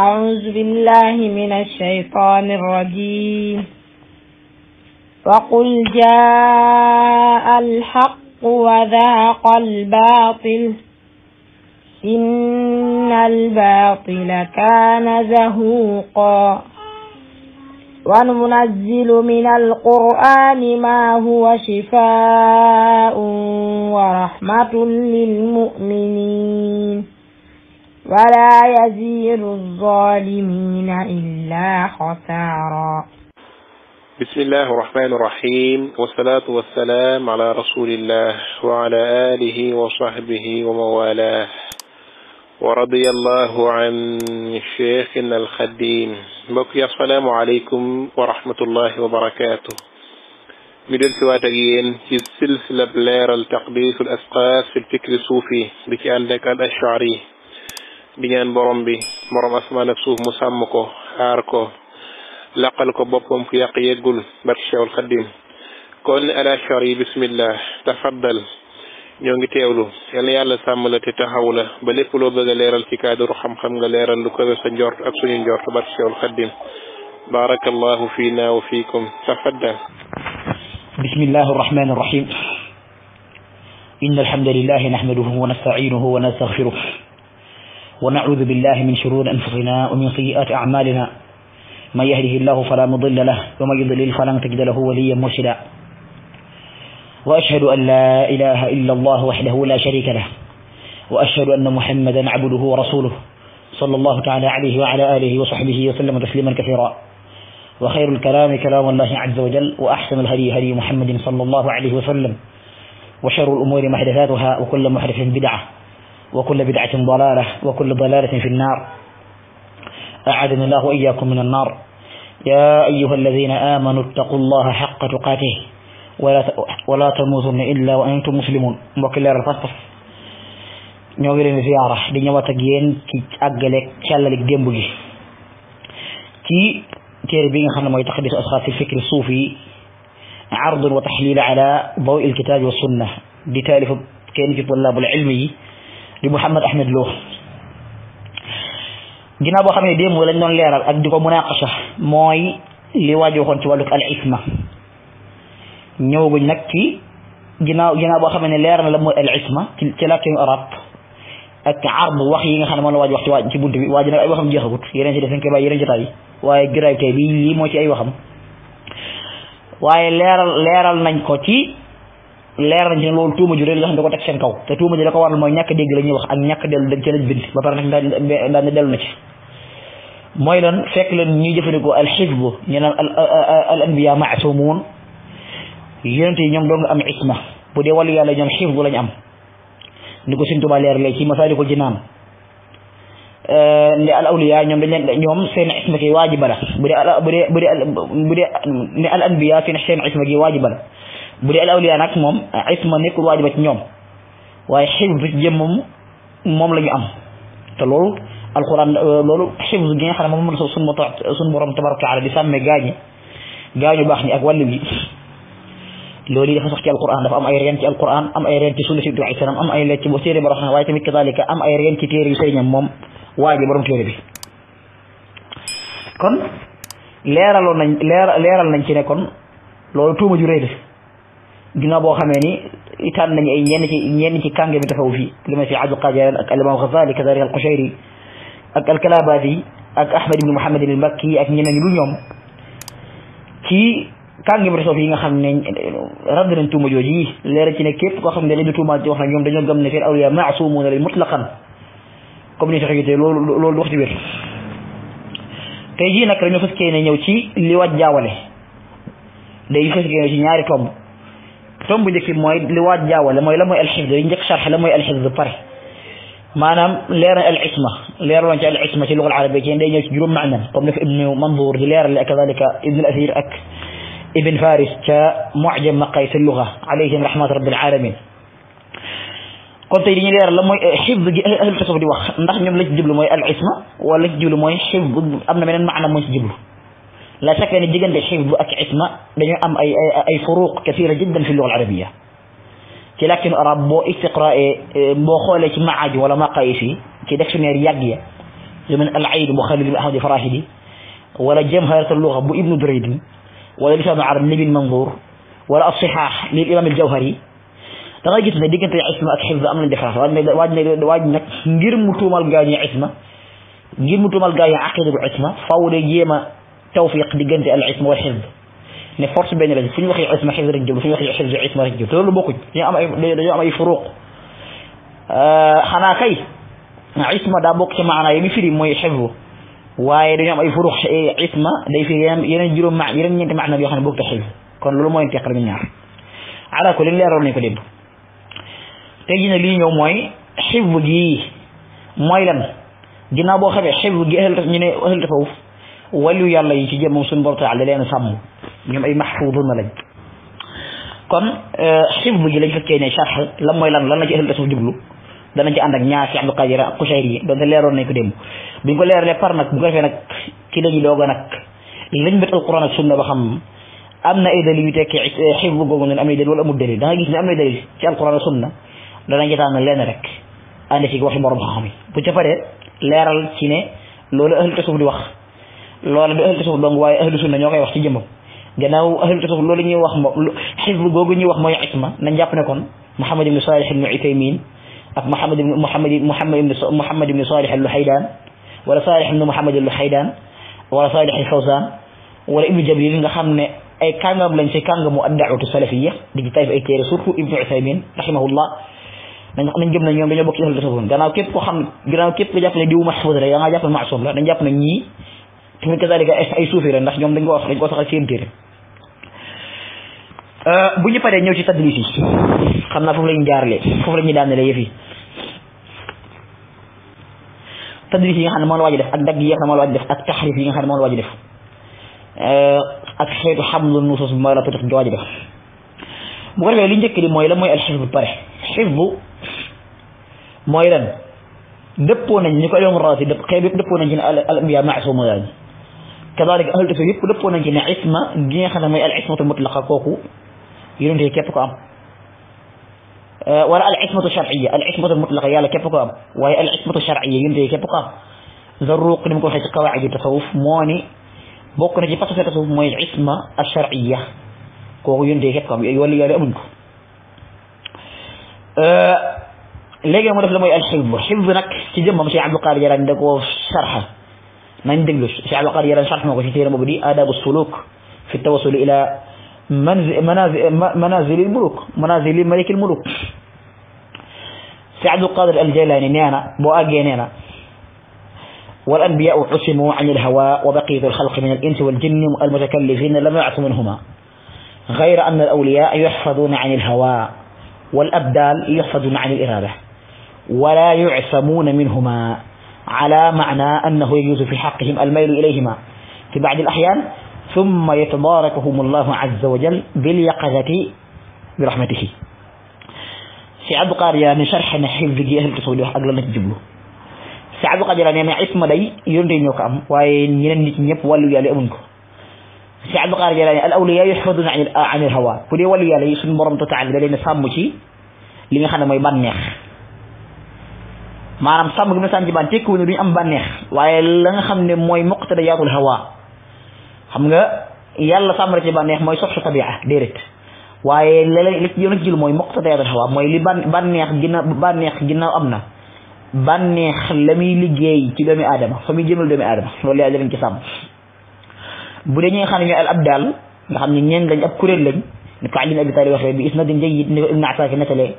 أعوذ بالله من الشيطان الرجيم وقل جاء الحق وذاق الباطل إن الباطل كان زهوقا وننزل من القرآن ما هو شفاء ورحمة للمؤمنين ولا يزيل الظالمين إلا خسارا بسم الله الرحمن الرحيم والصلاة والسلام على رسول الله وعلى آله وصحبه وموالاه ورضي الله عن شيخنا الخديم بقي السلام عليكم ورحمة الله وبركاته مدل del si في السلسلة yéen ci silsila في الفكر الصوفي fi lfikri di ñaan borom bi borom asmaan ak suuf mu sàmm ko aar ko laqal ko boppam fu yàq yeggul barke Cheikhul Khadim kon ala char yi bismillah tafaddal ñoo ngi teewlu yal na yàlla sàmm la te taxaw la ba lépp loo bëgg a leeral ci cadre xam-xam nga leeral lu ko sa njort ak suñu njort barke Cheikhul Khadim barakallahu fina wa fikum tafaddal bismillah arrahman arrahim إن الحمد لله نحمده ونستعينه ونستغفره ونعوذ بالله من شرور أنفسنا ومن سيئات أعمالنا من يهده الله فلا مضل له ومن يضلل فلن تجد له وليا مرشدا وأشهد أن لا إله إلا الله وحده لا شريك له وأشهد أن محمدا عبده ورسوله صلى الله تعالى عليه وعلى آله وصحبه وسلم تسليما كثيرا وخير الكلام كلام الله عز وجل وأحسن الهدي هدي محمد صلى الله عليه وسلم وشر الأمور محدثاتها وكل محدث بدعة وكل بدعة ضلالة وكل ضلالة في النار أعاذنا الله وإياكم من النار يا أيها الذين آمنوا اتقوا الله حق تقاته ولا ولا تموتن إلا وأنتم مسلمون وكل الفصل ñoo ngi زيارة ziyaara di كي أجلك yéen لك àggaleeg كي démb خلنا ما téere أصحاب nga الفكر الصوفي عرض وتحليل على ضوء الكتاب والسنة دي تالف كان في طلاب العلم di Mouhamed Ahmed Lo ginnaaw boo xam ne démb lañ doon leeral ak di ko munaqasha mooy li waaj waxoon ci wàllug al isma ñëwaguñ nag ci ginnaaw ginnaaw boo xam ne leeral la mooy al isma ci ci làkkin arab ak arbu wax yi nga xam ne moom la waaj wax ci waaj bunt bi waaj nag ay waxam jeexagut yeneen si def nañ waaye juraay tey bi lii moo ci ay waxam waaye leeral leeral nañ ko ci leer nañ ne loolu tuuma ju rëy la xam da ko teg seen kaw te tuuma ji la ko waral mooy ñàkk dégg la ñuy wax ak ñàkk dellu dañ ca lañ mooy lan fekk leen jëfandikoo al xisbu ñu naan al anbiya maasumuun yonent yi ñoom doon am isma bu dee yàlla ñoom xisbu lañ am ni ko Sëñ Tuubaa leer ci Masaalikul Jinaan ne al awliya ñoom dañ leen ñoom seen isma gi waajiba la bu dee bu dee bu dee ne al anbiya seen seen isma gi waajiba bu dee al awliya nag moom ah, isma nekkul waajiba ci ñoom waaye xifz ci moom moom lañu am te loolu alquran euh, loolu xifz gi nga xam ne moom la sunu sunu borom tabaraka taala di sàmmee gaañi gaañu baax ñi ak wàllu gi loolu dafa sax ci alquran dafa am ay reen ci alquran am ay reen ci sunna si Ibrahima salaam am ay lecc bo téere ba raxna waaye tamit kadalika am ay reen ci téere yu sëriñam moom waa ji borom téere bi kon leeraloon nañ leeral nañ ci ne kon loolu tuuma ju rëy ginnaaw boo xamee ni itaan nañu ay ñenn ci ñenn ci kànge bi tafaw fii li ma si aju Qajalaan ak al imam Xasaali kadalika al Qushayri ak al Kalabaati ak Ahmad ibn Muhammad al Makki ak ñeneen lu ñoom ci kànge bi tafaw yi nga xam ne radd nañ tuuma jooju yi leeral ci ne képp koo xam ne dañu tuumaat ci wax na ñoom dañoo gëm ne seen awliya maasumuuna leen mutlaqan comme ni sax yite loolu loolu wax ci wér tey jii nag dañoo fas kee ne ñëw ci li waaj jaawale day fas ci ñaari tomb tom ñëk moy li waaj jaawale moy la moy al alxifd yi ñëk sharh la moy al alxifd pare manam leeral al isma leeraloon ci al isma ci lugal arabia ci ndey ñëw ci juróom maanan comme ni ibn manzur di leerale ak kadalika ibn al athir ak ibn faris ca mujam maqayis lugha alayhi rahmatu rabbil alamin kon di ñu leeral la moy xifd gi al tasawuf di wax ndax ñom la ci jiblu moy al isma wala ci jiblu moy xifd amna menen meneen maana mooy ci jiblu لا شك ان الجيجان بيحب اك عتمه دانيو ام اي اي فروق كثيره جدا في اللغه العربيه كي لكن ربو استقراء مو إيه، إيه، خولك معاج ولا ما قايسي كي داك شنو رياقيه يمن العيد بو خالد الاحمد فراهدي ولا جمهرة اللغه بو ابن دريد ولا لسان عرب نبي منظور ولا الصحاح للامام الجوهري تغاجي تصدق انت عثمه اك حفظ امن دفاع واد واد نك غير متومال غاني عثمه غير متومال غاني عقيده عثمه فاولي جيما tawfiq diggante al isma wal xisb ne force benn la fu ñu waxee isma xisb rek jublu fu ñu waxee xisb isma rek jublu loolu bokkuñ dañoo am ay dañoo am ay furuq xanaa kay isma daa bokk ci maanaa yi mi firi mooy xisb waaye dañoo am ay furuq isma day firi yeneen yeneen juróom ma yeneen ñeenti maana yoo xam ne bokk te xisb kon loolu mooy teqal ñu ñaar ala ko li leeroon nañ ko démb tey jii nag li ñëw mooy xisb gi mooy lan ginnaaw boo xamee xisb gi ahlu ñu ne ahlu tasawuf walu yàlla yi ci jëmmam suñu borom taala leen sàmm ñoom ay maxfuuduna lañ kon euh, xifb ji lañ fekkee ne charx lan mooy lan lan la ci ëllëg tasawuf jublu danañ ci ànd ak ñaar si Abdul Qadir ak Kusayri yi leeroon nañ ko démb buñ ko leeralee par nag bu ko defee nag ci la ñu doog a nag lañ bët alquran sunna ba xam am na ay dalil yu tekki euh, xifb googu noonu am na dalil wala amul dalil da nga am na dalil ci alquran ak sunna danañ ci tànn lenn rek ànd ci waxi borom xam-xam bu ca paree leeral ci ne loolu ëllëg tasawuf di wax loola du ahlu tasawuf dong waaye ahlu sunna ñoo koy wax ci jëmmam gannaaw ahlu tasawuf loolu ñuy wax moom xisb googu ñuy wax mooy isma nañ jàpp ne kon Muhammad ibn Salih ibn Utaymin ak Muhammad ibn Muhammad Muhammad ibn Muhammad ibn Salih al haydan wala Salih ibn Muhammad al haydan wala Salih al-Fawzan wala ibn jabir nga xam ne ay kàngam lañ ci kàngamu ad-da'watu salafiyya di ci tayf ay téere surtout ibn Utaymin rahimahullah nañ nañ jëm na ñoom dañoo bokk ci ahlu tasawuf gannaaw képp ko xam gannaaw képp ko jàpp ne diwu mahfuz rek yaa nga jàpp ne maasum la dañ jàpp ne ñii ñun kazalika ay suufi la ndax ñoom dañ ko wax dañ ko saxal seen téere euh, bu ñu paree ñëw ci tadlis yi xam naa foofu lañu jaarale foofu la ñuy daanale yëf yi tadlis yi nga xam ne moom la waaj def ak dagg yi nga xam ne moom la waaj def ak taxrif yi nga xam ne moom la waaj def euh, ak xeetu xamlu nusus bi ma la tutux di waaj def bu ko defee li njëkk di mooy la mooy al xifbu pare xifbu mooy lan dëppoo nañ ñu ko alomrati dëpp xeet yëpp dëppoo nañ ci ne al ambiya maasuma lañu كذلك أهل دفع يبقى لبقى نجينا عثمة جينا خلنا ما يقال عثمة المطلقة كوكو يرون دي كيف كام أه، ورأى العثمة الشرعية العثمة المطلقة يالا كيف كام وهي العثمة الشرعية يرون دي كيف كام ذروق نمكن حيث قواعد التصوف مواني بوك نجي بطف التصوف موي العثمة الشرعية كوكو يرون دي كيف كام يولي يالي أمنك أه، ليه يوم دفع لما يقال حفظ حفظ نك تجمع مشي عبد القادر يرون دي كيف شرحه ما ندندش شعب شرح موقف وشيء مبدي آداب السلوك في التوصل إلى منزل منازل, منازل الملوك منازل ملك الملوك سعد القادر الجيلاني نانا بواقي نانا والأنبياء عصموا عن الهوى وبقية الخلق من الإنس والجن المتكلفين لم يعصوا منهما غير أن الأولياء يحفظون عن الهوى والأبدال يحفظون عن الإرادة ولا يعصمون منهما على معنى أنه يجوز في حقهم الميل إليهما في بعض الأحيان ثم يتباركهم الله عز وجل باليقظة برحمته في عبد القاري يعني شرح نحيف في جهة القصول أقل لك جبله في عبد القاري يعني اسم لي يرد أن يقام وين ينك نيب ولو يالي أمنك في عبد القاري يعني الأولياء يحفظون عن الهواء كل ولو يالي سنبرم تتعلم لأن سامك لأن خانا ما يبان نيخ maanaam sàmm gi mu sàmm ci baan tekkiwu ne am banneex waaye la nga xam ne mooy muqtada yaatul hawa xam nga yàlla sàmm la ci bànneex mooy soxsu tabia déedéet waaye léeg-léeg li ci yoon mooy muqtada yaatul hawa mooy li ban bànneex ginnaaw bànneex am na bànneex la muy liggéey ci doomi aadama fa muy jëmal doomi aadama loolu yàlla dañ ci sàmm bu dee ñi nga xam ne ñooy al abdal nga xam ñeen lañ ab kuréel lañ ni ko Ali ibn Abi Talib waxee bi isnadin jayyid ni ko Ibn Asakir netalee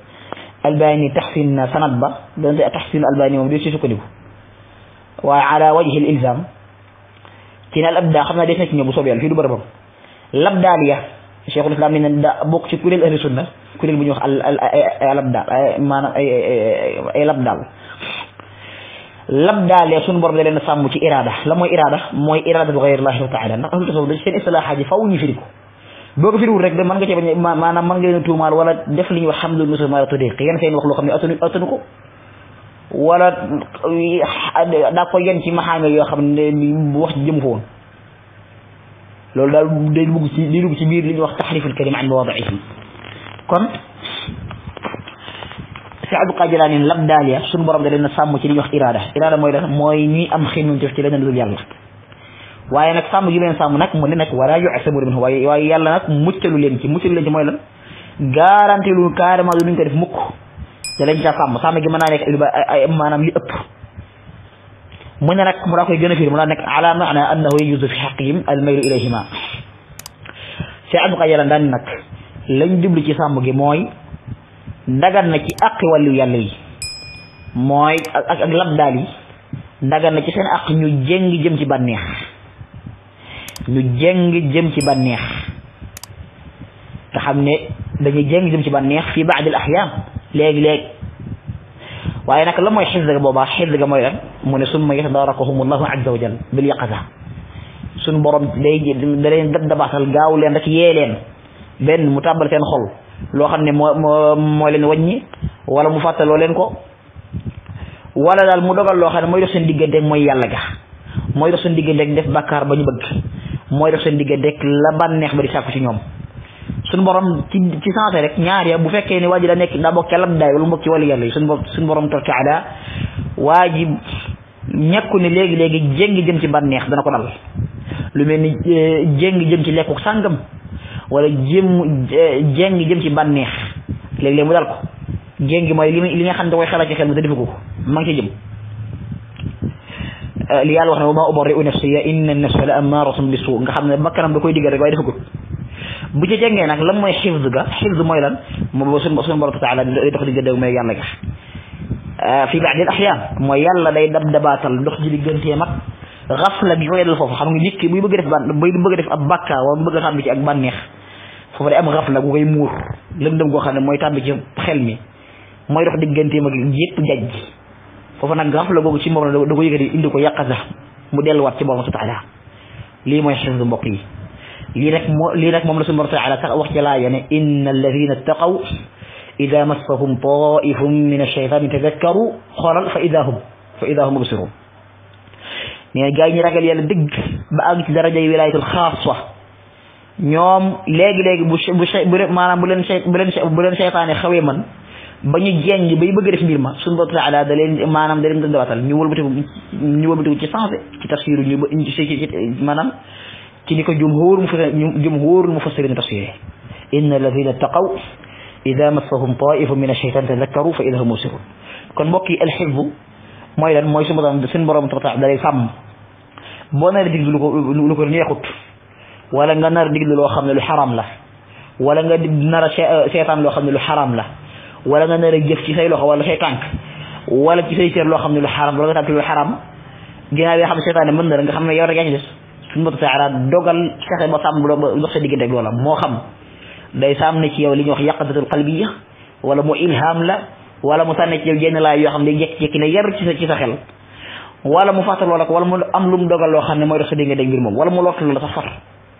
الباني تحسين سند با تحسين الباني مو ديسي سوكو ديكو وعلى وجه الالزام كينا الابدا خمنا ديسنا كينا بو صوبيان يعني في دو بربام الابدا ليا شيخ الاسلام من دا بوك سي كوريل اهل السنه كوريل بو نيوخ الابدا مان اي الابدا لم دال يا سن بور دالين سامو سي اراده لا موي اراده موي اراده غير الله تعالى نحن تصوب سين اصلاح حاجه فوني فيكو boo ko firiwul rek de mën nga cee bañ maanaam mën nga leen a tuumaal def li ñuy wax xam lu musulmaan tuddee yenn seen wax loo xam ne attanu wala eh, daa ko yenn ci maxaame yoo xam ne wax jëm ko woon loolu daal day dugg ci day ci biir li ñuy wax taxriful kalima an mawaadihi kon si Abdul Qaadilaani lab daal ya suñu borom da leen a sàmm ci li ñuy wax iraada iraada mooy lan mooy ñuy am xëy na def ci leneen lu dul yàlla. waye nak sam gi len sam nak mu ne nak wara yu asabu min waaye waaye yalla nak muccelu len ci muccelu len ci moy lan garanti lu carrément lu ñu ko def mukk da lañ caa sam sam gi mën nek ay manam yu ëpp mu ne nak mu daa koy gëna fi mu daa nek ala maana annahu yuzu fi al-mayl ilayhima se abu qayyalan dan nak lañ jublu ci sam gi moy dagan na ci aqi wàllu yalla yi moy ak ak labdaal yi dagan na ci seen aq ñu jeng jëm ci banex ñu jeng jëm ci bànneex nga xam ne dañuy jeng jëm ci bànneex fii baad al axyaam léegi-léegi waaye nag la mooy xifd ga boobaa xifd ga mooy lan mu ne summa yatadarakahumu allahu azza wa jal bil yaqaza suñ borom day da leen dab dabaatal gaaw leen rek yee leen benn mu tàbbal seen xol loo xam ne moo moo leen wàññi wala mu fàttaloo leen ko wala daal mu dogal loo xam ne mooy dox seen diggante mooy yàlla ga mooy dox seen digganteeg def bàkkaar ba ñu bëgg mooy dox seen dekk la bànneex ba di sàkku ci ñoom suñu borom ci ci sensé rek ñaar ya bu fekkee ne waa ji da nekk daa bokk yàlla daay wala mbokk ci wàllu yàlla yi suñu borom suñu borom toog ci aada waa ji ne léegi léegi jéngi jëm ci bànneex dana ko dal mel ni e, jéngi jëm ci lekku sàngam wala jëm e, jéngi jëm ci bànneex léeg-léeg mu dal ko jéngi mooy li li nga xam ne da koy xelal ci xel mu te defu ko mag ngi jëm li yàlla wax ne wa maa ubarri'u nafsiya inna nafsa la ammaaratun bisu nga xam ne bakkanam da koy digal rek waaye dafa gudd bu ci jàngee nag lan mooy xifz ga xifz mooy lan moom suñu suñu borom taala day dox diggante mooy yàlla ga fi baadil axyaan mooy yàlla day dab dabaatal dox ji digganteem ak xafla gi ko yedal foofu xam nga nit ki buy bëgg def ban buy bëgg def ab bàkkaar wala bëgg a tàmbi ci ak bànneex foofu day am xafla gu koy muur lëndëm goo xam ne mooy tàmbi ci xel mi mooy dox digganteem ak yépp jaj fofu nak graf la bobu ci mom la da ko yegati indi ko yàqasa mu delu wat ci borom taala li moy xifdu mbokk yi li rek li rek mom la sun borom taala sax wax ci la yene innal ladhina taqaw idha massahum taifum min ash-shaytan tadhakkaru kharan fa ida hum fa ida hum mubsirun mais gars yi ragal yàlla deug ba ag ci darajay wilayatul xaasa ñom leegi léegi-léegi bu bu manam bu leen bu leen bu len seytaane xawé man bañu ñu jeng bay bëgg def mbir ma suñu bopp taala da leen manam da leen dënd watal ñu wëlbati ñu wëlbati ci sansé ci tafsiru ñu ci maanaam ci ni ko jumhur mu fa jumhur mu ni tafsiré inna alladhina taqaw idha massahum taifun min ash-shaytan tadhakkaru fa ida musirun kon mbokki al alxibbu moy lan moy suñu borom suñu borom taala da lay fam bo na a lu ko lu ko neexut wala nga nar a lu loo xam lu haram la wala nga nar a seetaan loo xam lu haram la wala nga nar a jëf ci say loxo wala say tànk wala ci say cër loo xam ne lu xaram wala nga tàmp lu xaram ginnaaw yoo xam ne seytaane mën na la nga xam ne yow rek yaa ci des suñu matu saara dogal ba sàmm ba dox sa diggante ak moo xam day sàmm na ci yow li ñuy wax yaqadatul qalbiya wala mu ilham la wala mu sànne ci yow jenn laay yoo xam ne day jékki-jékki ne yar ci sa ci sa xel wala mu fàttaloo la mu am lu mu dogal loo xam ne mooy dox sa diggante ak mbir moom wala mu lottaloo la sax far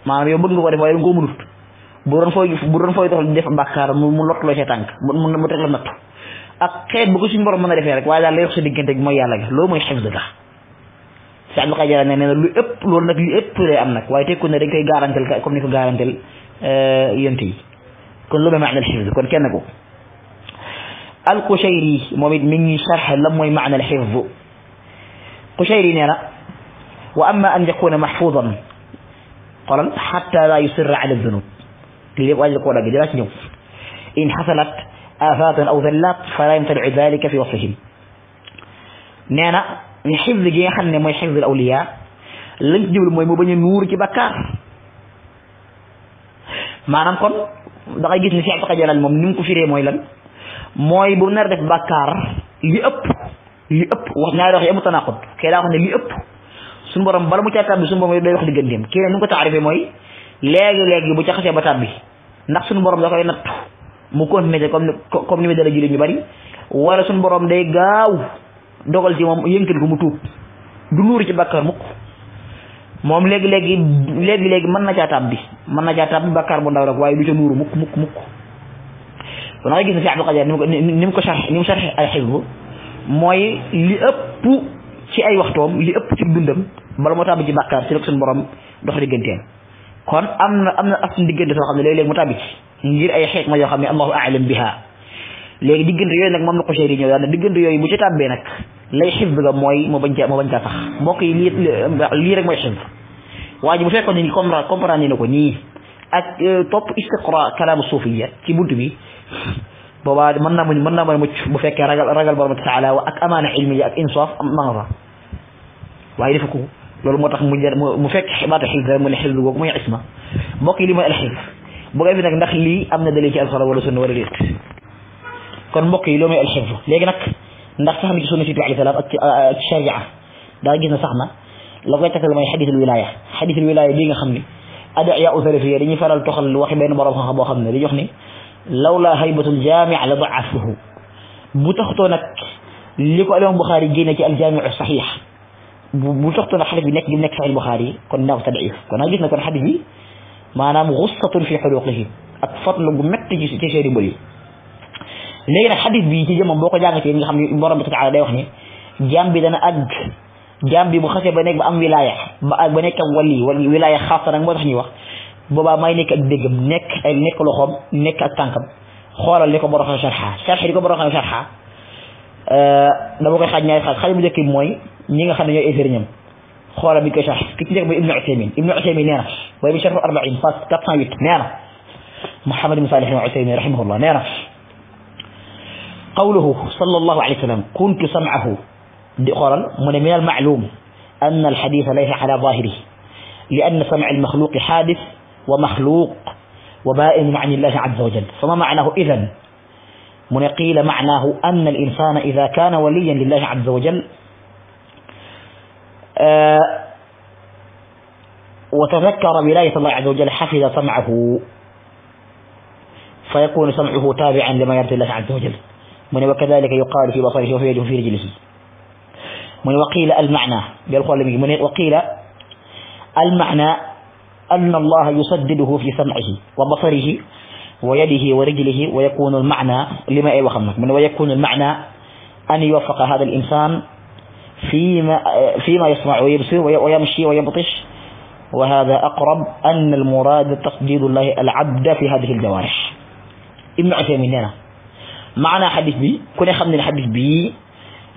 maanaam yow bëgg nga ko def waaye nga ko mënut bu doon fooy bu doon fooy doxal def bàkkaar mu mu lottloo ca tànk mu mu teg la natt ak xeet bu ko suñu borom mën a rek waaye daal lay wax sa diggante mooy yàlla ga loolu mooy xefs ga si Abdou Khadre nee na lu ëpp loolu nag lu ëpp lay am nag waaye tekku ne dañ koy garantel comme ni ko garantel yent yi kon lu ma maanal xifz kon kenn ko al Qushayri moom it mi ngi sharx la mooy maanal xifz Qushayri nee wa amma an yakuna mahfuzan xoolal xatta la yusirra ala dunub لي واجد إن حصلت آفات أو ذلات فلا يمتنع ذلك في وصفهم نانا من حفظ جيخان نمو يحفظ الأولياء لن تجيب المو يمو بني نور كي بكار ما نمكن دقا يجيس نسيح بقى جلال مو من نمكو فيري مويلن موي بو نار دك بكار لي أب لي أب وحنا رخي أمو تناقض كلا وحنا لي أب سنبرم بلا مو تاكا بسنبرم يدو يخلي قدم كلا نمكو تعرفي موي لاجي لاجي بو تاكسي بطابي ndax suñu borom da koy nat mu continuer comme comme ni me dara julli ñu bari wala suñu borom day gaaw dogal ci mom yënkal ko mu tuup du nuru ci bakkar mu mom leg leg leg leg man na caa tàbbi man na ca tàbbi bakkar bu ndaw rek waye du ca nuru mu mu mu kon nga gis ci si Qadir ni mu ko ni ni mu sharh al xisbu moy li ëpp ci ay waxtom li ëpp ci dundam bal mo tàbbi ci bakkar ci rek suñu borom dox digganteem kon amna amna ak digënde so diggante soo mu tàbbi ngir ay xeex ma yo xam allah a'lam biha léegi digënde yoy nak mom la Qushayri ñëw daal ne diggante yooyu bu ci tabbe nak lay xib ga moy mo bañ ca mo bañ ca sax mbokk yi lii lii rek moy xib waji bu fekkoon ni comprendre comprendre ni ko ni ak top istiqra kalam sufiyya ci buntu bi boba man na man na mu bu fekke ragal ragal borom taala wa ak amana ilmiya ak insaaf ma nga fa waaye loolu moo tax mu jar mu fekk baatu xisda mu ne xisd googu mooy isma mbokk yi li mooy alxisd bu ko fi nag ndax lii am na dalil ci alxuraan wala sunna wala déet kon mbokk yi loo mooy alxisd léegi nag ndax sax na ci sunna si tuuti salaam ak ci ak ci sharia daa gis na sax na la koy takkal mooy xadisul wilaya xadisul wilaya bii nga xam ni adiya u salafiya dañuy faral toxal waxi benn borom xam boo xam ne dañuy wax ni lawla haybatul jaami la daafahu bu taxutoo nag li ko alimam Buxaari génne ci aljamiu saxiix bu soxtoon xadis bi nekk gi nekk saxil Buxaari kon naaw sa daif kon nag gis na kon hadith bi manam xussatun fi huluqihi ak fotlu gu métti ci ci seeni bëri legi nag hadith bi ci jëmam boko jangati nga xamni borom bi taala day wax ni jaam bi dana ag jaam bi bu xasse ba nek ba am wilaya ba ak ba nek ak wali wali wilaya khas nak mo tax ñi wax boba may nek ak déggam nek ay nek loxom nek ak tànkam xolal liko borom xam sharxa sharxa di borom xam sharxa Euh, dama koy xaj ñaari xaj xaj mu jëkk mooy ñi nga xam ne ñooy éserñam خورا بك شرح كيف تجيك بإبن عثيمين إبن عثيمين نيرا ويبي شرح أربعين فاس كتنا ويت نيرا محمد بن صالح عثيمين رحمه الله نيرا قوله صلى الله عليه وسلم كنت سمعه خورا من من المعلوم أن الحديث ليس على ظاهره لأن سمع المخلوق حادث ومخلوق وبائن عن الله عز وجل فما معناه إذن من قيل معناه أن الإنسان إذا كان وليا لله عز وجل آه، وتذكر ولاية الله عز وجل حفظ سمعه فيكون سمعه تابعا لما يرضي الله عز وجل من وكذلك يقال في بصره وفي يده وفي رجله من وقيل المعنى من وقيل المعنى أن الله يسدده في سمعه وبصره ويده ورجله ويكون المعنى لما أي وخمك من ويكون المعنى أن يوفق هذا الإنسان فيما, فيما يسمع ويبصر ويمشي ويبطش وهذا أقرب أن المراد تقديد الله العبد في هذه الجوارح ابن عثيمين هنا معنى حديث بي كنا خمنا الحديث بي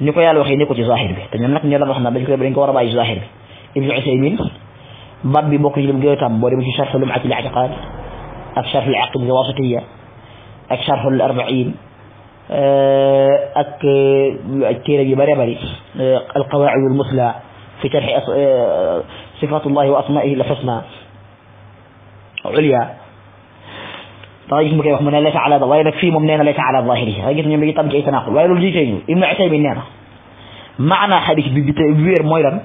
ni ko yàlla waxee ne ko تنم لك نيلا te بل nag ñoo la wax na ابن عثيمين dañ بوكي لم a بوري بشي bi ibnu usaymin الشرح العقد الواسطية اك شرح الأربعين آه، اك كيربي بري آه، القواعد المثلى في شرح آه، صفات الله وأسمائه الحسنى عليا طيب كيف من ليس على ظاهره في ممنين ليس على ظاهره رجل من لي طب تناقض ولا لي تي إما عتيبي نانا معنى حديث bi مويرم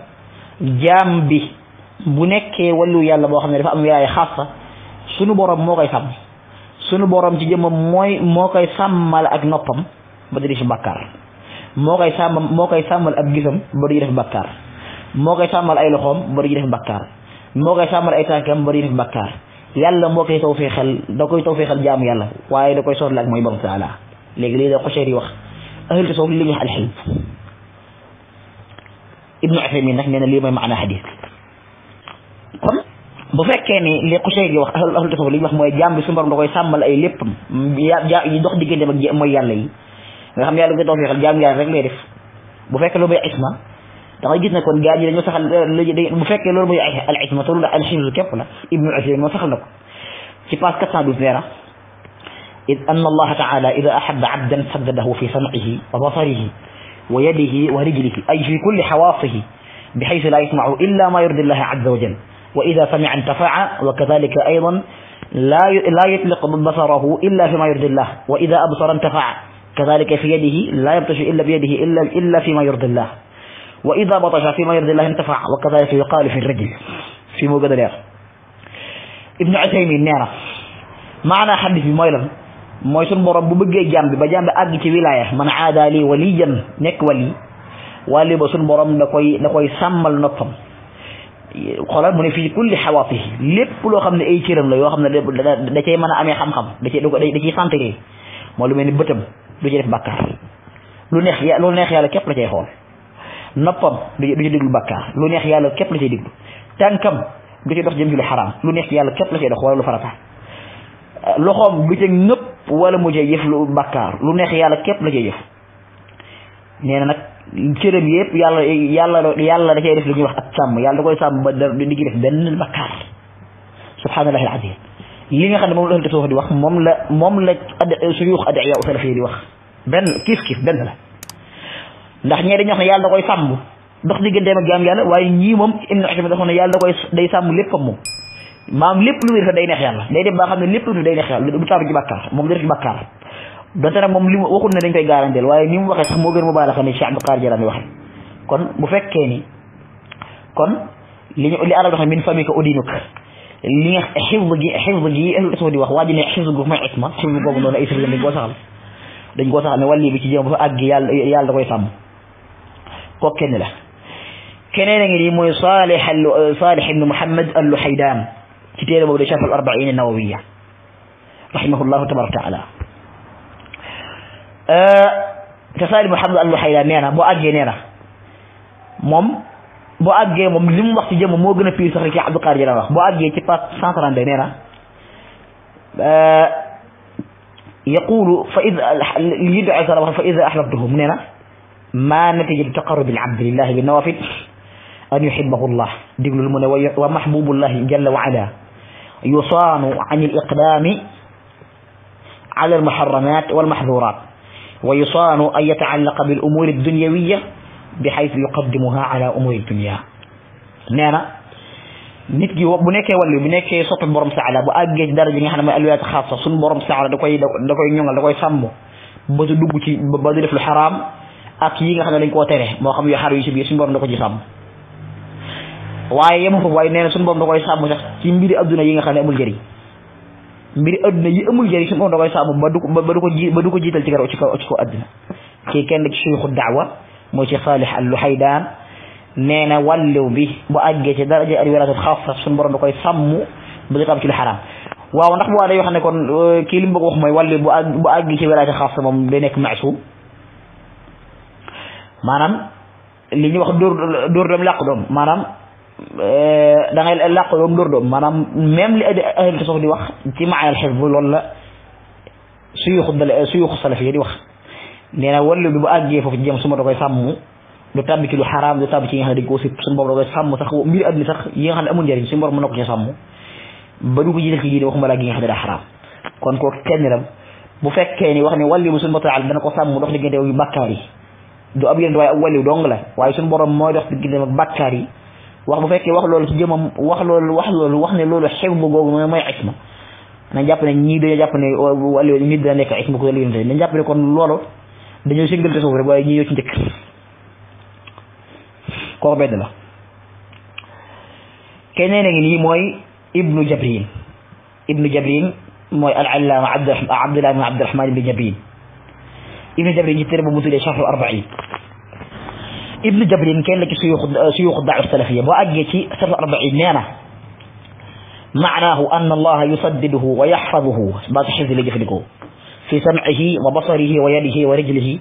جام به jaam ولو bu nekkee wallu yàlla boo sunu borom moo koy sàmm sunu borom ci jëmmam mooy moo koy sàmmal ak noppam ba du def bàkkaar moo koy sàmm moo koy sàmmal ak gisam ba du def bàkkaar moo koy sàmmal ay loxoom ba du def bàkkaar moo koy sàmmal ay tànkam ba du def bàkkaar yàlla moo koy tawfeexal feexal koy tawfeexal jaamu yàlla waaye da koy sootle ak mooy borom taala léegi léegi da Qushayri wax ahlu tasawuf li ñuy wax alxilm Ibnu Usaymin nag nee na lii mooy bu fekkee ni li xusey gi wax ahlu ahlu tafawul yi wax mooy jàmbi bi suñu borom da koy sàmmal ay léppam yi dox digganteem ak mooy yàlla yi nga xam yàlla bu dox toog jàmbi yàlla rek lay def bu fekkee loolu mooy isma da ngay gis ne kon gaa ñi dañoo saxal bu fekkee loolu mooy al isma te loolu al xibsu képp la ibnu usaymin moo saxal na ko ci page 412 nee na إذ أن الله تعالى إذا أحب عبدا سدده في سمعه وبصره ويده ورجله أي في كل حواصه بحيث لا يسمع إلا ما يرضي الله عز وجل وإذا سمع انتفع وكذلك أيضا لا لا يطلق بصره إلا فيما يرضي الله وإذا أبصر انتفع كذلك في يده لا يبطش إلا بيده إلا إلا فيما يرضي الله وإذا بطش فيما يرضي الله انتفع وكذلك يقال في الرجل في موجد الأخ ابن عثيمين نيرة نعم. معنى حديث مويل مويسون برب بجي جنب بجنب أجي في ولاية من عادى لي وليا نك ولي ولي بسون برب نكوي نكوي سمل نطم xolal mu ne fi kulli xawaatihi lépp loo xam ne ay cëram la yoo xam ne da cay mën a amee xam-xam da cay da ciy centré moo lu mel ni bëtam du ci def bàkkaar lu neex lu neex yàlla képp la cay xool noppam du ci déglu bàkkaar lu neex yàlla képp la cay déglu tànkam du ci dox jëm ci lu xaraam lu neex yàlla képp la cay dox wala lu farata loxoom du ca ngëpp wala mu ca yëf lu bàkkaar lu neex yàlla képp la cay jëf nee nag nag cëram yëpp yàlla yàlla yàlla da cay def li ñuy wax ak sàmm yàlla da koy sàmm ba di ngi def benn bakkaar subhanallahi alazim li nga xam ne moom la ahlu tasawuf di wax moom la moom la ad suyuux adiya salafi di wax benn kiif kiif benn la ndax ñee dañuy wax ne yàlla da koy sàmm dox digganteem ak jaam yàlla waaye moom ibnu asima dafa ne day sàmm léppam moom maam lépp lu wér day neex yàlla day dem ba xam ne lépp lu day moom du def donte nag moom li waxul na dañ koy garantel waye nimu waxe sax mo gën mu baala xam Cheikh Abdou Qadir Jilani waxe kon bu fekke ni kon liñu ñu li arab waxe min famika udinuk li nga xifd gi xifd gi ahlu tasawuf di wax waji ne xifd gu mooy isma ci xifd googu non ay sirri ni go saxal dañ go saxal ne wàlli bi ci jëm bu ag yàlla yàlla da koy sam ko kenn la keneen a ngi nii mooy Salih Salih ibn Muhammad al-Luhaydan ci téere bobu de Sharh al-Arba'in an-Nawawiyya rahimahullahu tabaraka taala tasaalim xamd alluxayla nee na boo àggee nee na moom boo àggee moom li wax ci jëmm moo gën a sax ci Abdou wax ci 132 يقول فإذا يدعي طلبه فإذا أحببته من ما نتيجة تقرب العبد لله بالنوافل أن يحبه الله دقل المنى ومحبوب الله جل وعلا يصان عن الإقدام على المحرمات والمحظورات ويصان أن يتعلق بالأمور الدنيوية بحيث يقدمها على أمور الدنيا نانا نعم. نتجي وبنك ولا بنك صوت برمسة على بأجج درجة نحن ما قالوا خاصة صن برمسة على دكوي دكوي نيونغ دكوي سامو بدو دوبوتي بدو في الحرام أكيد نحن لين كوتره ما خم يحرر يسبي صن برم دكوي سامو waye yam ko way neena sun bom da koy sam sax ci mbiri aduna yi nga mbiri adduna yi amul jëriñ suñu borom da koy sàmm ba du ko ba du ko ji ba du ko jiital ci kaw ci kaw ci kaw adduna kii kenn ci suyuxu daawa moo ci Saalix al-Luhaydaan nee na wàlliw bi bu àggee ci daraja al-wiraasatul xaasa suñu borom da koy sàmm ba du tam ci lu xaraam waaw ndax bu waa day wax ne kon kii li mu bëgg wax mooy wàlliw bu àgg bu àggee ci wiraasatul xaasa moom day nekk maasuum maanaam li ñuy wax dóor dóor doom làq doom maanaam da ngay laq yoog dóor do manam même li ahli tasawuf di wax ci maanal al hifd loolu la suyuxu dal suyuxu salaf yi di wax neena wàllu bi bu agge fofu jëm suma ma da koy sàmm du tàbbi ci lu haram du tàbbi ci nga di ne sun koo sib suñu da koy sàmm sax mbir adduna sax yi nga xam amul jariñ suñu borom mën na ci sammu ba du ko jël ci diine wax laa gi nga xam da haram kon ko kenn ram bu fekke ni wax ni wàllu sun suñu borom taala dana ko sàmm dox gëndew yu bakkar yi du ab yéen waaye ab wàllu dong la waaye sun borom moy dox di gëndew ak bakkar yi wax bu fekkee wax loolu ci jëmam wax loolu wax loolu wax ne loolu xibbu googu mooy mooy xikma nañ jàpp ne ñii dañu jàpp ne wàllu nit dana nekk xikma ko leen yonte nañ jàpp ne kon loolu dañoo sëngal te suuf rek waaye ñii ñoo ci njëkk kooku benn la keneen a ngi nii mooy ibnu jabrin ibnu jabrin mooy al allaama abdullah ibn abdurahman ibn jabrin ibnu jabrin ci téere bu mu tuddee charhu arbain ابن جبرين كان لك شيوخ شيوخ الدعوه السلفيه واجيتي سبع اربعين نانا معناه ان الله يسدده ويحفظه بس حزي اللي جفلكو في سمعه وبصره ويده ورجله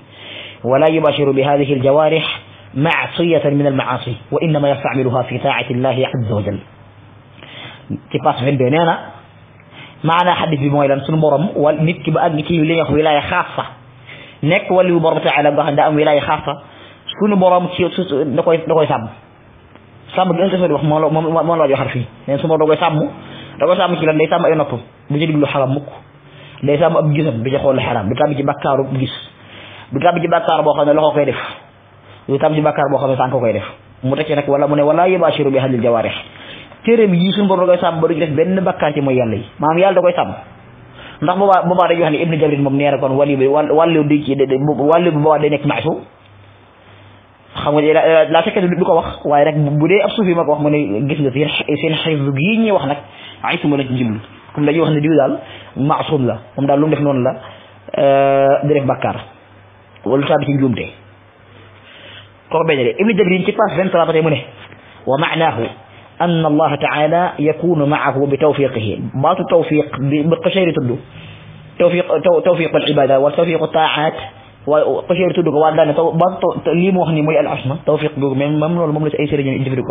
ولا يباشر بهذه الجوارح معصية من المعاصي وإنما يستعملها في طاعة الله عز وجل تباس في البنانة معنا حديث بمويلة نسل مرم ونبكي بأجل يليه ولاية خاصة نك ولي على جهن دائم ولاية خاصة suñu borom ci da koy da koy sàmm sàmm gi ëllëg wax moom la moom la fii neen su ma da koy sàmm da koy sàmm ci lan day sàmm ay noppam du ci diglu xaram mukk day sàmm ab gisam du ci xool xaram du tàbbi ci bàkkaaru gis du tàbbi ci bàkkaar boo xam ne loxo koy def du tàbbi ci bàkkaar boo xam ne tànk koy def mu teg ci nag wala mu ne wala yubashiru bi halil jawaarih téeréem yii suñu borom da koy sàmm ba du ci def benn bàkkaar ci mooy yàlla yi maanaam yàlla da koy sàmm ndax boobaa boobaa dañuy wax ne ibnu jabrin moom nee kon wàllu xam nga la fekk du ko wax waaye nag bu dee ab suufi ma ko wax mu ne gis nga seen seen xifdu gii ñuy wax nag ay suma la ci jiblu comme dañuy wax ne diw daal maasum la moom daal lu mu def noonu la di def bàkkaar wala taabi ci njuumte kooku benn de ibnu jabrin ci page vingt trois ba tey mu ne wa maanaahu أن الله تعالى يكون معه بتوفيقه باط التوفيق بالقشير تدو توفيق, توفيق العبادة وتوفيق الطاعات واي قشير تدوك تو بان تو لي مو توفيق بوك ميم مام اي سيرين اندي فيدوك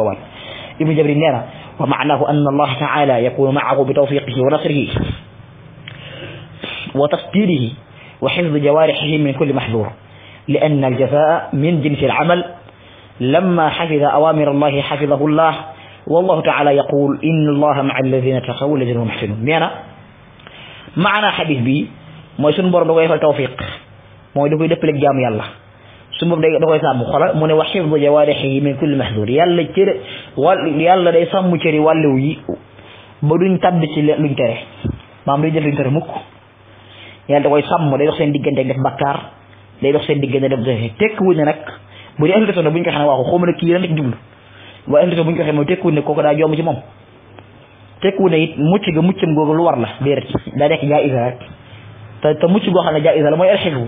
ابن جبري ومعناه ان الله تعالى يكون معه بتوفيقه ونصره وتصديره وحفظ جوارحه من كل محذور لان الجزاء من جنس العمل لما حفظ اوامر الله حفظه الله والله تعالى يقول ان الله مع الذين اتقوا الذين هم محسنون معنى حديث بي ما يسون برضو غير التوفيق moy da koy dëppaleeg jaamu yalla ya su mom day dakoy sam sàmm xoolal ne wa xifdu jawarihi min kulli mahdur yalla cër wal yalla ya day sàmm cëri walew yi ba duñ tàbb ci luñ tere maam day jël luñ tere mukk yalla ya dakoy sam day dox sen diggante def bakkar day dox sen diggante def def tek wuñ ne nag bu di ahlu sunna buñ ko xana waxu xawma na ki lan nek jublu wa ahlu buñ ko xamee tek wuñ ne koko da jom ci mom tek wuñ ne it mucc ga muccum gogol war la déedéet daa nekk jaay isa rek ta mucc go xana ja jaay moy la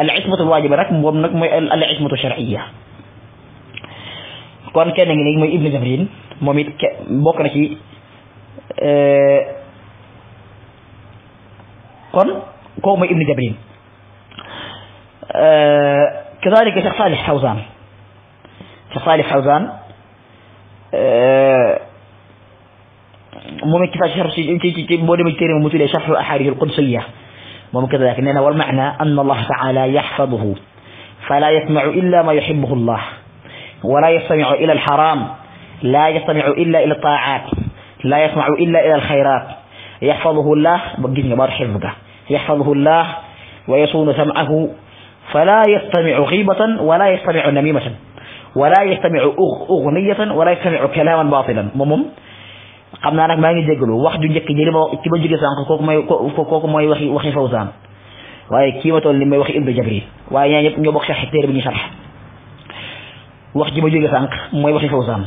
العصمه الواجبه رك موم نك موي العصمه الشرعيه كون كان نغي موي ابن جبرين موميت بوك نا سي ا آه، كون كو موي ابن جبرين ا آه، كذلك شيخ صالح حوزان شيخ صالح حوزان ا آه، موميت كيفاش شرح شي تي تي بو ديم تيري موتلي شرح الاحاديث القدسيه لكن هنا والمعنى أن الله تعالى يحفظه فلا يسمع إلا ما يحبه الله ولا يستمع إلى الحرام لا يستمع إلا إلى الطاعات لا يسمع إلا إلى الخيرات يحفظه الله بجن بار حفظه يحفظه الله ويصون سمعه فلا يستمع غيبة ولا يستمع نميمة ولا يستمع أغنية ولا يستمع كلاما باطلا ممم xam naa nag maa ngi jégalu wax ju njëkk ji li ma ci ma jóge sànq kooku mooy kooku mooy waxi waxi Fawzaan waaye kii ma toll ni mooy waxi Ibnu Jabri waaye ñaa ñëpp ñoo bokk sax téere bi ñu sax wax ji ma jóge sànq mooy waxi Fawzaan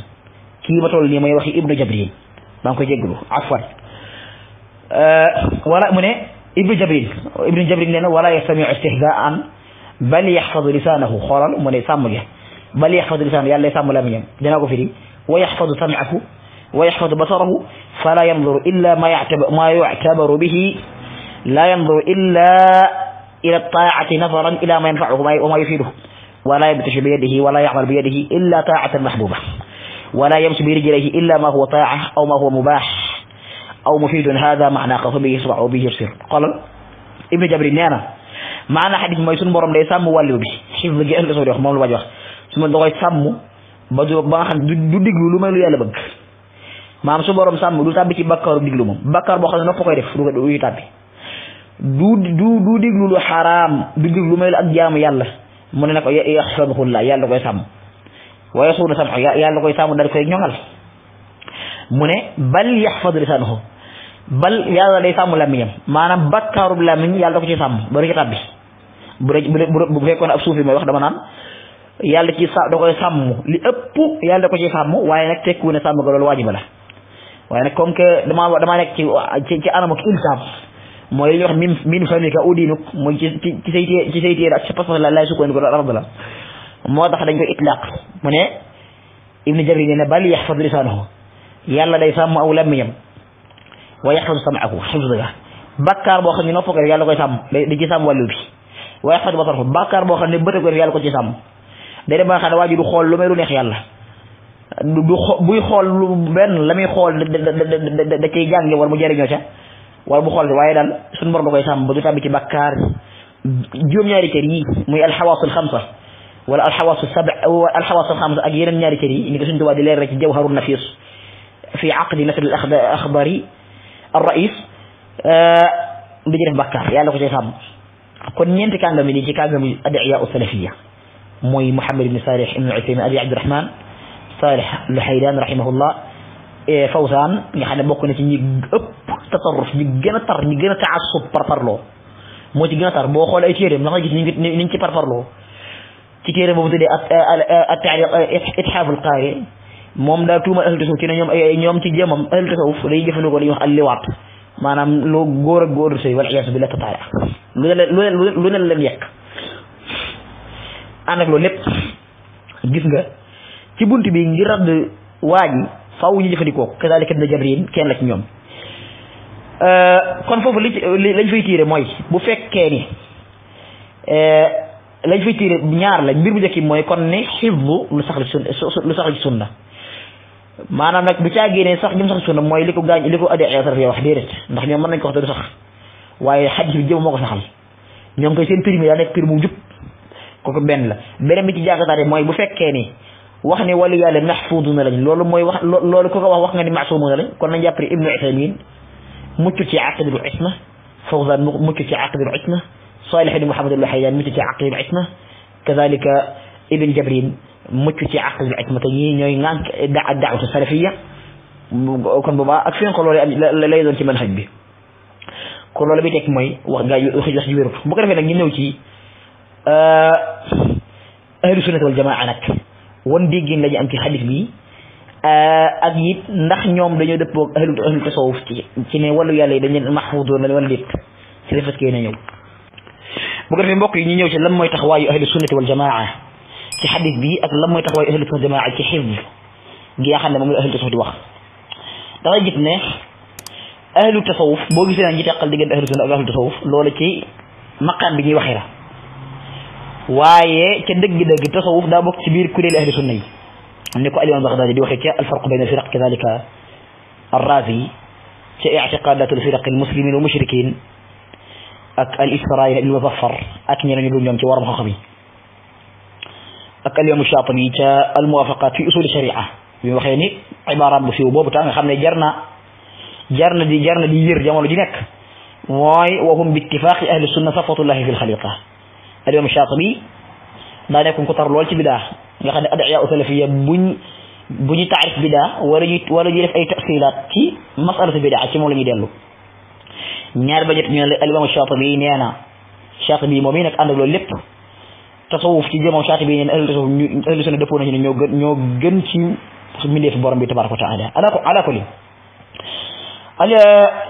kii ma toll nii mooy waxi Ibnu Jabri maa ngi koy jégalu afwan euh, wala mu ne Ibnu Jabri Ibnu Jabri nee na wala yastamiu istihzaan bal yaxfadu lisaanahu xoolal mu ne sàmm gi bal yaxfadu lisaanahu yàlla sàmm lamiñam dinaa ko firi wa yaxfadu sam'ahu ويحفظ بصره فلا ينظر إلا ما يعتبر, ما يعتبر به لا ينظر إلا إلى الطاعة نظرا إلى ما ينفعه وما يفيده ولا يبتش بيده ولا يعمل بيده إلا طاعة محبوبة ولا يمشي برجليه إلا ما هو طاعة أو ما هو مباح أو مفيد هذا معنى قصبه يسمع به يسر قال ابن جبر نانا نعم. معنى حديث ما يسون بروم ليس سام والو بي حفظ جي الله سو دي wax mom lu wajj wax دو da koy sam ba maam su borom sàmm du tàbbi ci bakkaaru diglu moom bakkaar boo xam ne nopp koy def du du tàbbi du du du diglu lu xaraam du diglu lu mel ak jaamu yàlla mu ne ne ko yaxsabuhullaa yàlla koy sàmm waaye suuna sàmm yàlla koy sàmm dal koy ñoŋal mu ne bal yaxfadu lisaanahu bal yàlla day sàmm làmmiñam maanaam bakkaarub làmmiñ yàlla da ko ci sàmm ba du ci tàbbi bu bu fekkoon ab suufi may wax dama naan yàlla ci sa da koy sàmm li ëpp yàlla ko ci sàmm waaye nag tekkiwu ne sàmm ga loolu waajiba la waaye nag comme que damaa damaa nekk ci ci anam ak iltihab mooy li ñuy wax min min famika udinuk mooy ci ci ci say ci say téere ak sa pas-pas la laay sukkandiku loolu arab la moo tax dañ ko itlaq mu ne ibnu jabir nee na bal yaxfad lisaanahu yàlla day sàmm aw làmmiñam wa yaxfadu sam'ahu xifdaga bàkkaar boo xam ne nopp ko yàlla koy sàmm da ci sàmm wàllu bi wa yaxfadu basarahu boo xam ne bët ko yàlla ko ci sàmm day dem ba nga waa ji du xool lu may lu neex yàlla du buy xool lu benn la muy xool da da cay jànge wala mu jëriñoo ca wala bu xool waaye daal suñu borom da koy sàmm ba du tàbbi ci bakkaar juróom-ñaari cër yi muy alxawaasul xamsa wala alxawaasu sab alxawaasul xamsa ak yeneen ñaari cër yi ni ko suñu tubaab di leer rek ci jawharu nafis fi aqdi nasr al axbari al rais bi def bakkaar yàlla ko cay sàmm kon ñeenti kàngam yi nii ci kàngam yi adiya usalafiya mooy Mouhamed ibn Salih ibn Uthaymin abi Abdurahman صالح الحيدان رحمه الله إيه، فوزان يعني بكون في يجب تصرف يجينا تر يجينا تعصب برفر له مو يجينا تر بو خول اي تيرم لا يجي نينك نينك برفر له تيرم بو بدي التعليق اتحاف القارئ موم دا توما اهل تسو كينا نيوم اي نيوم تي جيمم اهل تسو فري جيفن كو لي وخال لي وات مانام لو غور غور سي ولا ياس بالله تعالى لو لو لو لن يك انا لو لب غيسغا ci bunt bi ngir radd waa ji faaw ñu jëfandikoo kadaalika ibn Jabrin kenn ñoom euh, kon foofu li ci lañ fay tiire mooy bu fekkee ni euh, lañ fay tiire ñaar la mbir bu njëkk mooy kon ni ne bu lu sax lu sax ci sunna maanaam nag du caagee ne sax ñoom sax ci mooy li ko gaañ li ko addi ay sarf mën nañ ko wax te du sax waaye xadis bi jëm moo ko saxal ñoom koy seen prime daa nekk prime mu jub kooku benn la beneen bi ci jàkkaataate mooy bu fekkee ni wax ne wali yàlla maxfuuduna lañ loolu mooy wax loolu ku ko wax wax nga ni maasumuna lañ kon nañ jàpp ne ibnu utaymin mucc ci aqidatul isma fawzan mucc ci aqidatul isma صالح بن محمد الوحيدان متى تعقل العتمة كذلك ابن جبرين متى تعقل العتمة يي نانك الدعوة السلفية كون بوبا اك فين كو لولي لاي دون سي منهج بي كو لولي بي تك موي واخ غاي واخ واخ ويرو بو كو ديفه ني نيو سي ا اهل السنه والجماعه نك won déggin lañu am ci hadith bi euh ak nit ndax ñoom dañoo dëppoo ahlu ahlu tasawuf ci ci ne walu yàlla dañu dañ leen mahfuudoon la ci def ak yéene ñëw bu ko defee mbokk yi ñu ñëw ci lan mooy taxawaayu ahlu sunnati wal jamaa'a ci hadith bi ak lan mooy taxawaayu ahlu sunnati wal jamaa'a ci xifd gi nga xamne ne moom ahlu tasawuf di wax da dangay gis ne ahlu tasawuf bo gisee naa ñi takal diggante ahlu sunnati ak ahlu tasawuf loola ci maqam bi ñi waxira waye ci deug deug tasawuf da bok ci bir kuréeli ahli sunna yi ni ko alimam Baghdadi di waxe ci al farq bayna firaq kadhalika ar-razi ci arrazi al firaq al muslimin wa mushrikin ak al israil ibn muzaffar ak ñene ñu ñom ci waram xoxami ak al ak alimam Shatibi al muwafaqat fi usul sharia bi waxe ni ibara bu siiw bobu ta nga xamne jarna jarna di jarna di yir jamono ji nek moy wa hum bi ittifaqi ahli sunna safwatullahi fi lxaliqa al imam Shaatibi daa nekkoon ku tar lool ci bidaa nga xam ne adiya salafiya buñ bu ñu taarif bidaa wala ñuy wala ñuy def ay tafsilaat ci masalatu bidaa ci moom la ñuy dellu ñaar ba ñett ñu ne al imam na Shaatibi moom yi nag ànd ak loolu lépp tasawuf ci jëmam Shaatibi neen ahlu tasawuf ñu ahlu sunna dëppoo nañu ne ñoo bi tabaraka wa taala ala ko ala ko li al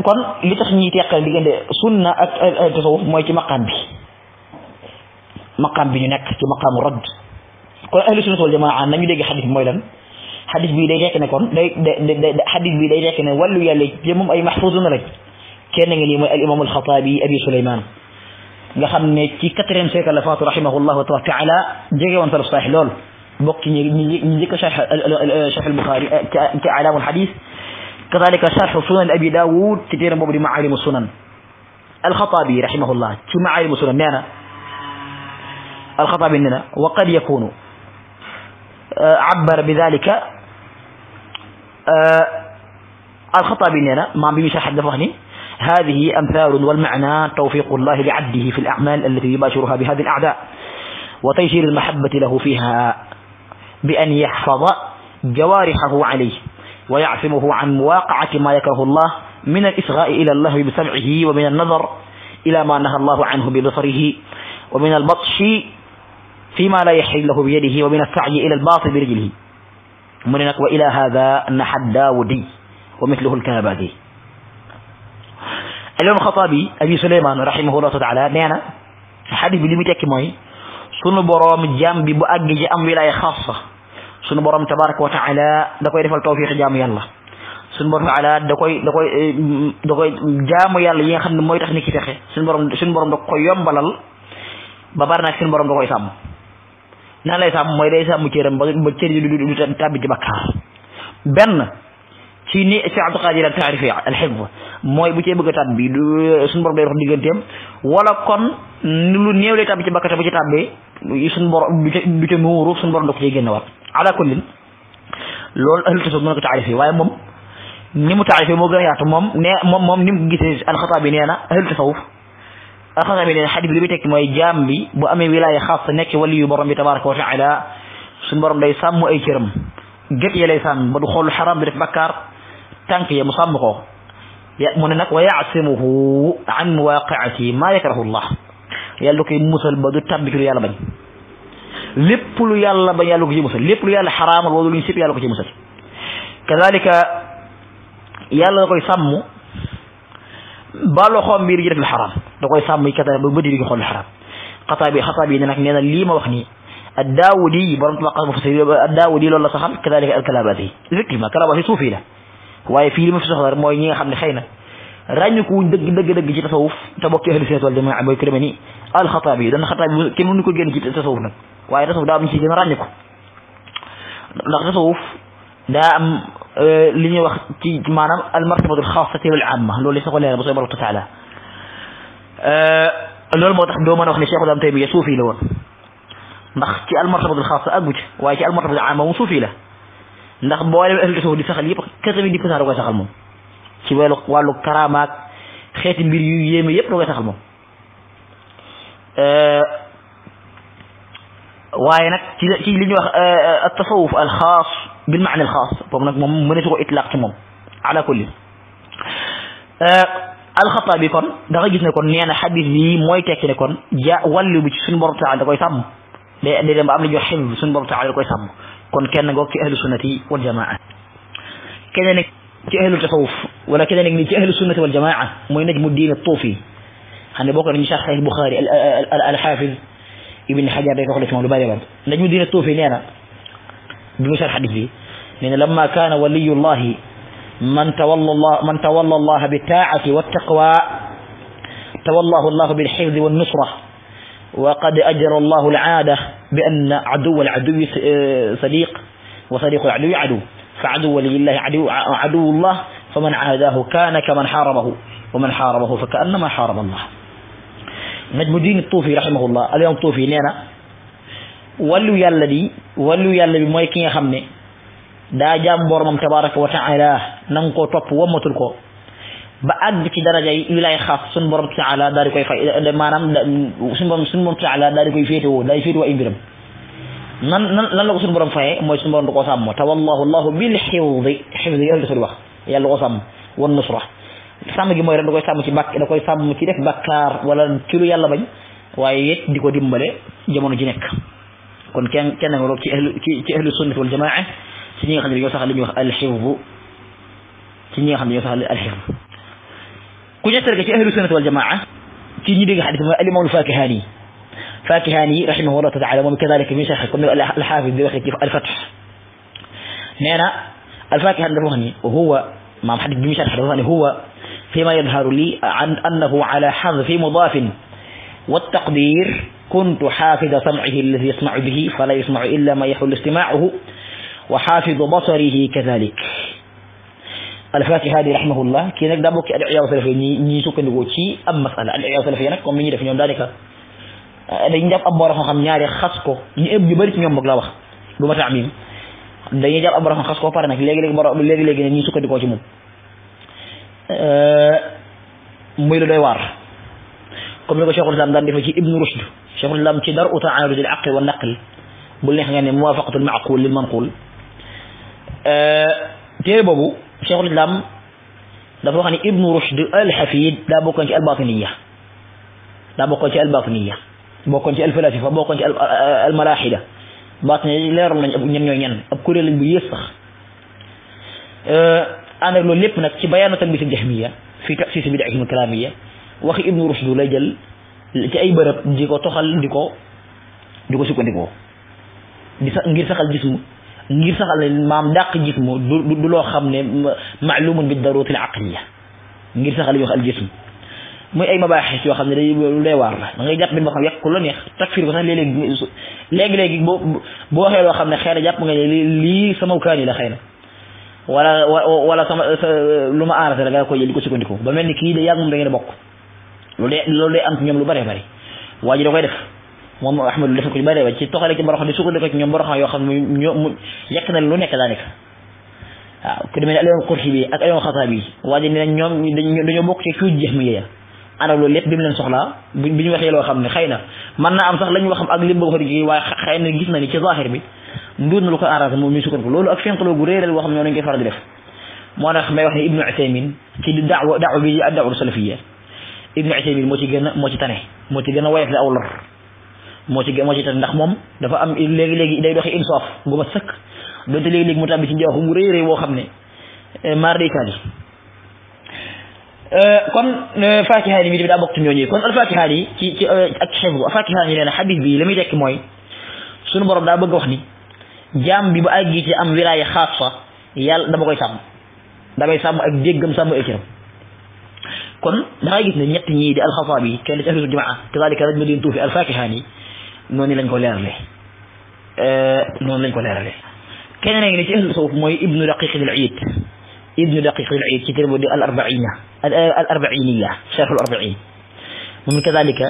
kon li tax ñuy teqal diggante sunna ak tasawuf mooy ci maqaam bi مقام بني نك تي مقام رد كون اهل السنه والجماعه نانيو ديغي حديث موي لان حديث بي داي ريكني كون داي حديث بي داي ريكني والو يالي جي موم اي محفوظون رك كين نغي موي الامام الخطابي ابي سليمان nga xamne ci 4e siècle la fatu rahimahullah wa ta'ala jige won sarf sahih lol bok ci ñi ñi ko sharh sharh al-bukhari eh, ci alam al-hadith كذلك شرح سنن ابي داود كثير من معالم السنن الخطابي رحمه الله شو معالم السنن معناه الخطأ مننا وقد يكون آه، عبر بذلك آه، الخطأ مننا ما بيشرح حد فهني هذه أمثال والمعنى توفيق الله لعبده في الأعمال التي يباشرها بهذه الأعداء وتيسير المحبة له فيها بأن يحفظ جوارحه عليه ويعصمه عن مواقعة ما يكره الله من الإسغاء إلى الله بسمعه ومن النظر إلى ما نهى الله عنه ببصره ومن البطش فيما لا يحل له بيده ومن السعي إلى الباطل برجله مننك وإلى هذا نحى الداودي ومثله الكنبادي اليوم خطابي أبي سليمان رحمه الله تعالى نعنى حديث بلي متك موي سن بروم جام بي بو ام ولايه خاصه سن بروم تبارك وتعالى داكاي ديفال توفيق جام يالله سن بروم تعالى داكاي داكاي داكاي جام يالله ييغا خن موي تخني كي تخي سن بروم سن بروم داكاي يومبالال بابار نا سن بروم داكاي سام nan lay sàmm mooy day sàmm cëram ba ba cër yi du tàbbi ci bakkaar benn ci ni si Abdul Qadir al taarifi mooy bu cee bëgg a tàbbi du euh, suñu borom day dox digganteem wala kon lu néew lay tàbbi ci bakkaar bu ci tàbbee suñu borom du ca du ca muuru suñu borom da loolu ahlu tasawuf mën na ko taarifi waaye moom ni mu taarifi moo gën a yaatu moom ni mu gisee alxataa bi nee na ahlu tasawuf xasami ne xadis bi li muy tekki mooy jaam bi bu amee wilaaya xaas nekk wali yu borom bi tabaraka wa taala suñu borom day sàmm ay cëram gët ya lay sàmm ba du xool xaram du def bakkaar tànk ya mu sàmm ko ya mu ne nag wa yaasimuhu an waaqiati maa yakrahu llah yàlla koy musal ba du tàbbi ci lu yàlla bañ lépp lu yàlla bañ yàlla ko ci musal lépp lu yàlla xaraamal wala lu ñu sib yàlla ko ci musal kadalika yàlla da koy sàmm ba loxoom biir ji def lu xaraam da koy sàmm kata ba bëdi di xool xaraam xataa bi xataa bi ne nag nee na ma wax nii addaawudi borom tulaqa bu fasir addaawudi loolu lolu saxal kadalika al-kalabati effectivement ma yi suufi sufila waaye fi li ma fi soxla moy ñi nga xamni xeyna xëy na deug deug deug ci tasawuf ta bokki ahli sayyid wal jamaa mooy ku demee ni alxataabi yi dana xataabi kenn mënu ko génn ci tasawuf nak waaye tasawuf da am ci gën a ko ndax tasawuf da am li ñuy wax ci manam al-martabatu al-khassati wal amma lolu li sa ko leeral ba sooy borom taala lool moo tax doo mën wax ni cheikh islam taymiya soufi la won ndax ci al almartabatul xaasa àggu ci way ci al almartabatul aama moom suufi la ndax boolem al tasawuf di saxal yep quatre quatre-vingt-dix pour cent da koy saxal mom ci walu karama ak xéti mbir yu yéeme yep da ko saxal moom waaye nag ci ci liñ wax al tasawuf al khass bil ma'na al khass bo nak mom meñ ci ko itlaq ci mom ala kulli al alxataabi kon da nga gis ne kon neena hadith yi moy tekki ne kon ja wàllu bi ci sun borom taala da koy sam de day dem am na jox xim sun borom taala da koy sam kon kenn ngoog ci ahlus sunnati wal jamaa keneen ne ci ahlu tasawuf wala keneen ne ci ahlus sunnati wal jamaa moy najmu mu diina xam xane bokk ni sharh al-bukhari al hafiz ibn hajar day wax la ci moom lu bari bari najmu diin tuufi nee bi mu sharh hadith bi nee na lamma kaana waliyullahi من تولى الله من تولى الله بالطاعة والتقوى تولاه الله بالحفظ والنصرة وقد أجر الله العادة بأن عدو العدو آه، صديق وصديق العدو عدو فعدو ولي الله عدو, عدو الله فمن عاداه كان كمن حاربه ومن حاربه فكأنما حارب الله نجم الدين الطوفي رحمه الله اليوم الطوفي نينا ولو يا الذي ولو يا الذي mooy ki nga دا جام daa jaam nang ko topp wamatul ko ba àgg ci daraja yi wilay khas sun borom taala daal dari koy fay eh, manam sun borom sun borom taala daal di koy fete wo di fete wo mbiram nan nan lan la ko sun borom fay moy sun borom da koo sàmm te wallahu allahu bil xifdi xifdi yalla da wax yalla ko sam won nusra sam gi moy rek da koy ci bak da koy ci def bàkkaar wala ci lu yalla bañ waye it diko dimbalé jamono ji nek kon ken ken nga ci ahlu ci ahlu sunnah wal jamaa'ah ci nga xamni yo sax li wax al xifdu ci ñi nga xam ne ñoo saxal alxifd ku ñetteel ga ci ahlu sunnat wal jamaa ci ñi dégg xadis mooy al imaam al fakihaani fakihaani rahimahu allah taala moom kadalika min sax comme al xaafis di waxee ci al fath nee na al fakihani dafa wax ni huwa maam xadis bi mi sax dafa wax ni huwa فيما يظهر لي عن أنه على حذف مضاف والتقدير كنت حافظ سمعه الذي يسمع به فلا يسمع إلا ما يحل استماعه وحافظ بصره كذلك الفاتحة دي رحمه الله كينك دابو كي أدعي أوصل في ني ني سوكن دو كي أم مسألة أدعي أوصل في أنا كم مني دفن يوم ذلك ده ينجاب أبو رحمه خم نياري خسكو ني أبو يبرد نيوم بغلا بخ بما تعميم ده ينجاب أبو رحمه خسكو فارنا في لغي لغي برا لغي لغي ني سوكن دو كي مم ميلو دي وار كم يقول شيخ الإسلام دان دفن ابن رشد شيخ الإسلام كي درء تعارض العقل والنقل بل نحن يعني موافقة المعقول للمنقول ااا أه تيري cheikhul islam dafa wax ni ibnu rushd al hafid eh, da bokkoon ci albatinia da bokkoon ci albatinia bokkoon ci falasifa bokkoon ci almalaxida batinia yi leeral nañ ñen ñoy ñen ab kuréel lañ bu yees sax euh ana lo lepp nak ci bayaanu bi ci jahmiya fi tasis bidaihim kalamiyya wax ibnu rushd lay jël ci ay bërepp diko toxal diko diko sukkandiko di sa ngir saxal gisu ngir saxal ne maam dàq jismu du du loo xam ne maalumun bi daruuratil aqliya ngir saxal li wax al jism muy ay mabaaxis yoo xam ne day lu day war la da ngay jàpp benn boo xam yàq ku la neex takfir ba sax léeg-léeg léegi-léegi bo boo waxee loo xam ne xëy na jàpp nga ne lii sama kaan yi la xëy na wala wala sama lu ma arrêté la nga koy jël di ko sukkandiku ba mel ni kii da yàgg moom da ngeen a bokk loolu day loolu day am ci ñoom lu bare bare waa ji da koy def moom ahmadu def na ko ñu bari ba ci toxale ci boroxam di sukkandiku ci ñoom boroxam yoo xam ne ñoo yàq na lu nekk daanaka waaw ku demee ne alimaam Qurtubi ak alimaam Xataabi waa ji ne ñoom dañoo bokk ci cuuj jeex mi yéya ana loolu lépp bi mu leen soxlaa bi ñu waxee loo xam ne xëy na mën naa am sax lañ wax ak lim bëgg xëy waaye xëy na gis na ni ci zahir bi nduut na lu ko arrangé moom mi sukkandiku loolu ak fenqloo gu réeral boo xam ne ñoo nañ koy faral di def moo tax may wax ne ibnu Usaymin ci daawa daawa bi ak daawa salafiyya ibnu Usaymin moo ci gën a moo ci tane moo ci gën a woyof la aw lor moo ci moo ci ndax moom dafa am léegi-léegi day doxi insaaf gu ma sëkk doonte léegi-léegi mu bi ci njawaax mu rëy rëy boo xam ne eh, maar day taal eh, eh, yi kon faakihaani mi tamit daa bokk ci ci ci ak xeebu al faakihaani nee na xadis bi la muy tekki mooy sunu borom daa bëgg wax ni jaam bi bu àggi ci am wilaaya xaasa yàlla dama koy sàmm damay sàmm ak déggam sàmm ak cëram kon da ngay gis ne ñett ñii di alxasaab yi kenn ci ahlu jamaa kazalika tuufi al faakihaani noonu lañ ko leeralee noonu lañ ko leeralee keneen a ngi ne ci ahlu sawf mooy ibnu daqiq al iid ibnu daqiq al iid ci téere boobu di al arbaina al arbainiya charh al arbain moom kadalika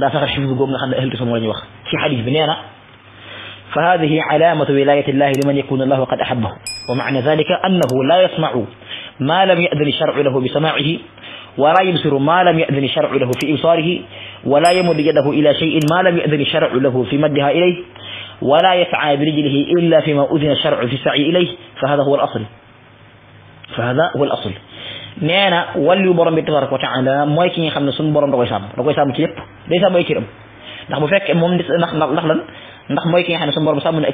daa saxal xifdu googu nga xam ne ahlu sawf moo lañu wax ci xadis bi nee na فهذه علامة ولاية الله لمن يكون الله قد أحبه ومعنى ذلك أنه لا يسمع ما لم يأذن الشرع له بسماعه ولا يبصر ما لم يأذن الشرع له في إبصاره ولا يمد يده إلى شيء ما لم يأذن الشرع له في مدها إليه ولا يسعى برجله إلا فيما أذن الشرع في السعي إليه فهذا هو الأصل فهذا هو الأصل نانا ولي برم بتبارك وتعالى ما يكين خمسة سن برم رقوي سام رقوي سام كيف ليس ما يكيرم نح بفك مم نح نح نح ما يكين خمسة سن برم سام من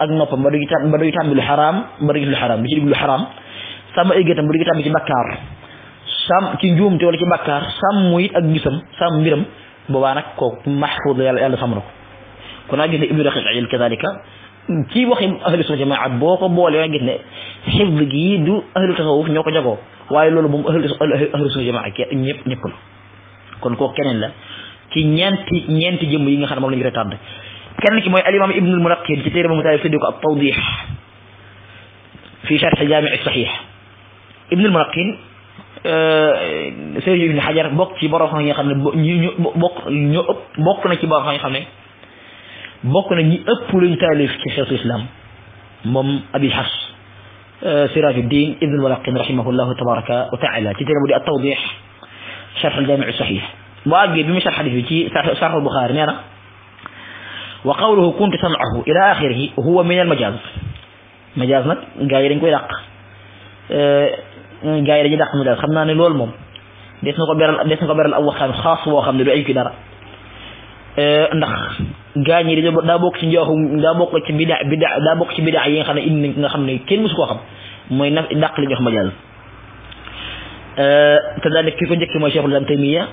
أجمع بالحرام بمرجع بالحرام بيجي بالحرام سام إيجي تمرجع بيجي sàmm ci njuumte wala ci bàkkaar sàmm it ak gisam sàmm mbiram boobaa nag kooku maxfuud la yàlla yàlla xam na ko kon na gis ne ibnu daqiq wax kadalika ci waxi ahlu sunna jamaa boo ko boole nga gis ne xifd gi du ahlu tasawuf ñoo ko jagoo waaye loolu moom ahlu ahlu sunna jamaa ñëpp ñëpp la kon kooku keneen la ci ñeenti ñeenti yi nga xam ne moom la ñu koy tàdd kenn ki mooy al imam ibnul munaqid ci téere ba mu taalif ko ab tawdix fi charx jaamici saxiix Serigne Ibn Hajar bokk ci borom xam yi nga xam ne ñu bokk ñu ëpp bokk na ci borom xam yi xam ne bokk na ñi ëpp luñ taalif ci xeetu islam moom Abi Hafs Sirajuddin Ibn Walaqin rahimahullahu tabaraka wa taala ci téere bu di at-Tawdih sharh al-Jami' sahih bu àggee bi mu sharh xadis bi ci sharh al-Bukhari nee na wa qawluhu kuntu sam'ahu ila axirihi huwa min al-majaz majaz nag gaa yi dañ koy dàq gaa yi dañuy dàq mu daal xam naa ne loolu moom des na ko beral des na ko beral aw waxtaan xaas woo xam ne du aju ci dara ndax gaa ñi dañoo daa bokk ci njooxu daa bokk ci bida bida daa bokk ci bida yi nga xam ne indi nga xam ne kenn mosu koo xam mooy na dàq li ñu wax majaal te daa def ki ko njëkk mooy Cheikhul Islam Taymiya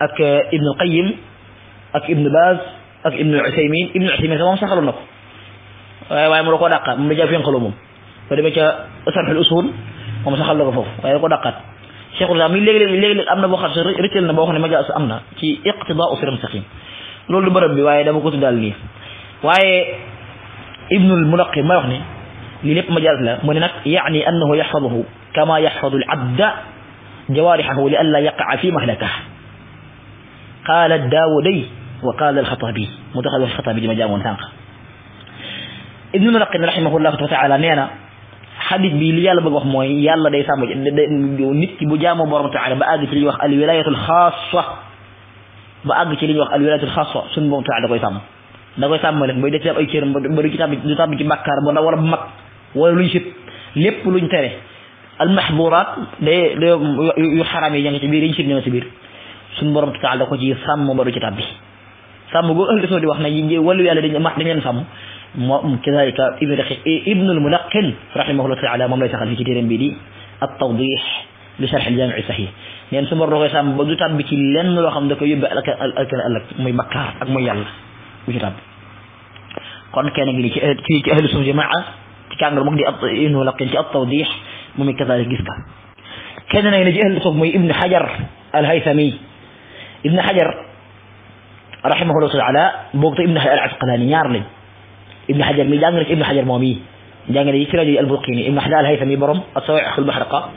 ak Ibn Qayyim ak Ibn Baz ak Ibn Usaymin Ibn Usaymin sax moom saxaloon na ko waaye waaye mu da koo dàqa moom da caa fenqaloo moom ba demee ca sarxul usul mom saxal la ko foofu waaye ko dakkat cheikhul islam leg leg leg leg amna bo na boo xam ne na bo xam ne majaas am na ci iqtida siram saqim lolou du bi waye dama ko tuddaal nii waaye ibnul munaqi ma wax ni lii lépp majaas la mu ne nag yaani annahu yaxfaduhu kama yahfadhu alabda jawaarixahu li an la yaqaa fi mahlakah qaala daawuday wa qaala alxataabi mu taxal wax xataabi di ma jàngoon sànq ibnul munaqi rahimahu llahu taala nee xadis bi li yàlla bëgg wax mooy yàlla day sàmm nit bu jaamoo borom taala ba àgg ci li ñuy wax al wilayatul xaasa ba àgg ci li ñuy wax al wilayatul xaasa suñu da koy sàmm da koy sàmmale bay def ci ab ay cëram ba du ci tàbbi du tàbbi ci bàkkaar bu ndaw wala bu mag wala lépp luñ tere al mahburaat day day yu xaraam yi ña ngi ci biir ci biir suñu borom taala ko ci sàmm ba ci tàbbi sàmm boo ëllëg soo di wax ne wàllu yàlla dañ dañ leen sàmm كذا إيه ابن إيه ابن الملقن رحمه الله تعالى مملكة في كثير بدي التوضيح لشرح الجامع الصحيح لأن يعني سمر الرغي سام بدو تاب بكلن لو خمد كي يبقى لك لك لك مي مكار أك مي يلا وجراب قرن كان يقول كي كي أهل السنة جماعة تكان قرمك دي أطئين ولقين تي التوضيح ممي كذلك جسكا كان أنا ينجي أهل السنة ابن حجر الهيثمي ابن حجر رحمه الله تعالى بوقت ابن العسقلاني يارلي ابن حجر مي دانغرج ابن حجر مومي دانغرج يكرا البلقيني ابن حجر الهيثمي برم الصويع أخو البحرقة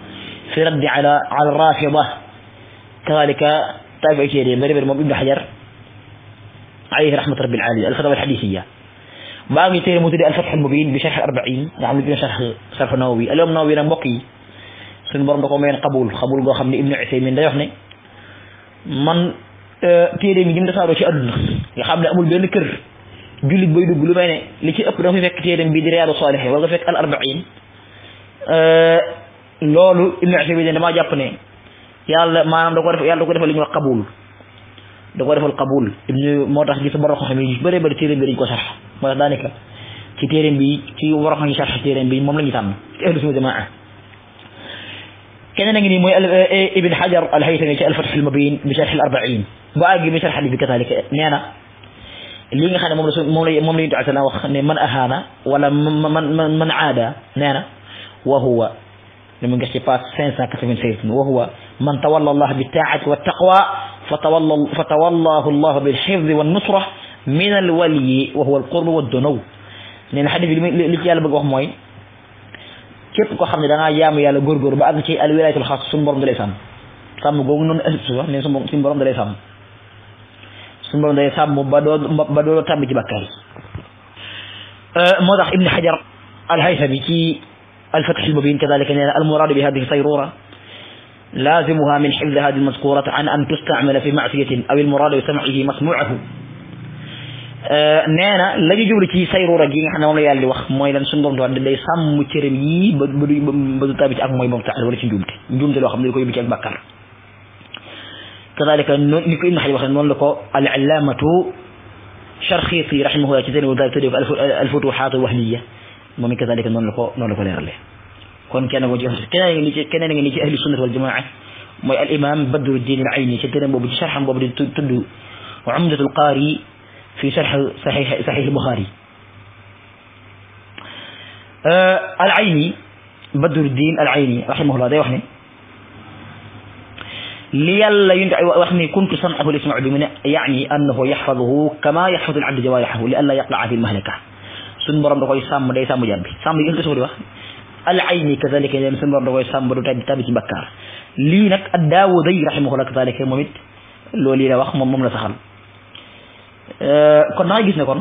في رد على على الرافضة كذلك طيب عشيري مريبر مومي ابن حجر عليه رحمة رب العالي الفتاوى الحديثية باقي تيري مدير الفتح المبين بشرح الأربعين يعني نعم، بين شرح شرح النووي اليوم النووي نم بقي suñu borom da قبول mayoon qabul qabul goo xam ne ibnu usaymin day wax ne man téere mi ñim dasaaroo ci jullit bay dugg lu may ne li ci ëpp da nga fekk téeram bii di Riyaadu Saalihiin wala nga fekk al arbaïn loolu Ibnu Usaymiin damaa jàpp ne yàlla maanaam da ko def yàlla da ko defal li ñuy wax qabul da ko defal qabul ibnu moo tax gis borom xam-xam yi bëree bëri téeram bi dañ ko sarx moo tax daanaka ci téeram bi ci borom xam yi sarx téeram bi moom la ñu tànn ci ahlu sunna jamaa keneen a ngi nii mooy Ibn Hajar al-Haytami ci al-Fath al-Mubin bi sarx al-arbaïn bu àgg bi sarx xadis bi kazaalika nee na lii nga xam ne moom la su moom la moom la yonent bi wax ne man ahaana wala man man man aada nee na wa huwa li mu ngi ci page cinq cent quatre-vingt-seize wa huwa man tawalla allah bi taa'ati wa taqwa fa tawalla fa tawallahu allah bil hifdi wan nusra min al waliyi wa huwa al qurb wa dunow nee na xadis bi li li ci yàlla bëgg wax mooy képp koo xam ne da ngaa jaamu yàlla góorgóor ba àgg ci al wilayatul xaas suñu borom da lay sàmm sàmm googu noonu ëllëg suba nee suñu borom da lay sàmm سمبر دا يساب مبادول مبادول تام جي بكاري موضح ابن حجر الهيثمي كي الفتح المبين كذلك يعني المراد بهذه الصيرورة لازمها من حفظ هذه المذكورة عن أن تستعمل في معصية أو المراد بسمعه مسموعه نانا لجي جبل كي سيرو رجي نحن ولا يالي وخ ما يلا نسندر دوان دلي سام مترمي بدو تابي أك ما يبغى تعال ولا تجوم تجوم تلو خمدي كوي بيجاك بكر كذلك نكو إن حي وخير نقول العلامة شرخيطي رحمه الله جزيلا وذلك تدعو الفتوحات الوهمية ومن كذلك نقول لك نقول لك كون كان وجه كان نجي كان نجي أهل السنة والجماعة ما الإمام بدر الدين العيني شدنا بوب شرح بوب تدو وعمدة القاري في شرح صحيح صحيح البخاري آه، العيني بدر الدين العيني رحمه الله ده وحنا ليلا يحفظني كنت صنعه لاسمع بمن يعني انه يحفظه كما يحفظ العبد جوارحه لئلا يقلع في المهلكه سن برام دكاي سام داي سام جامبي سام يلت سو دي واخ العين كذلك يم سن برام دكاي سام دو تاج تاج بكار لي نك اداو داي رحمه الله كذلك موميت لولي لا واخ موم لا سخال ا كون ما غيس نكون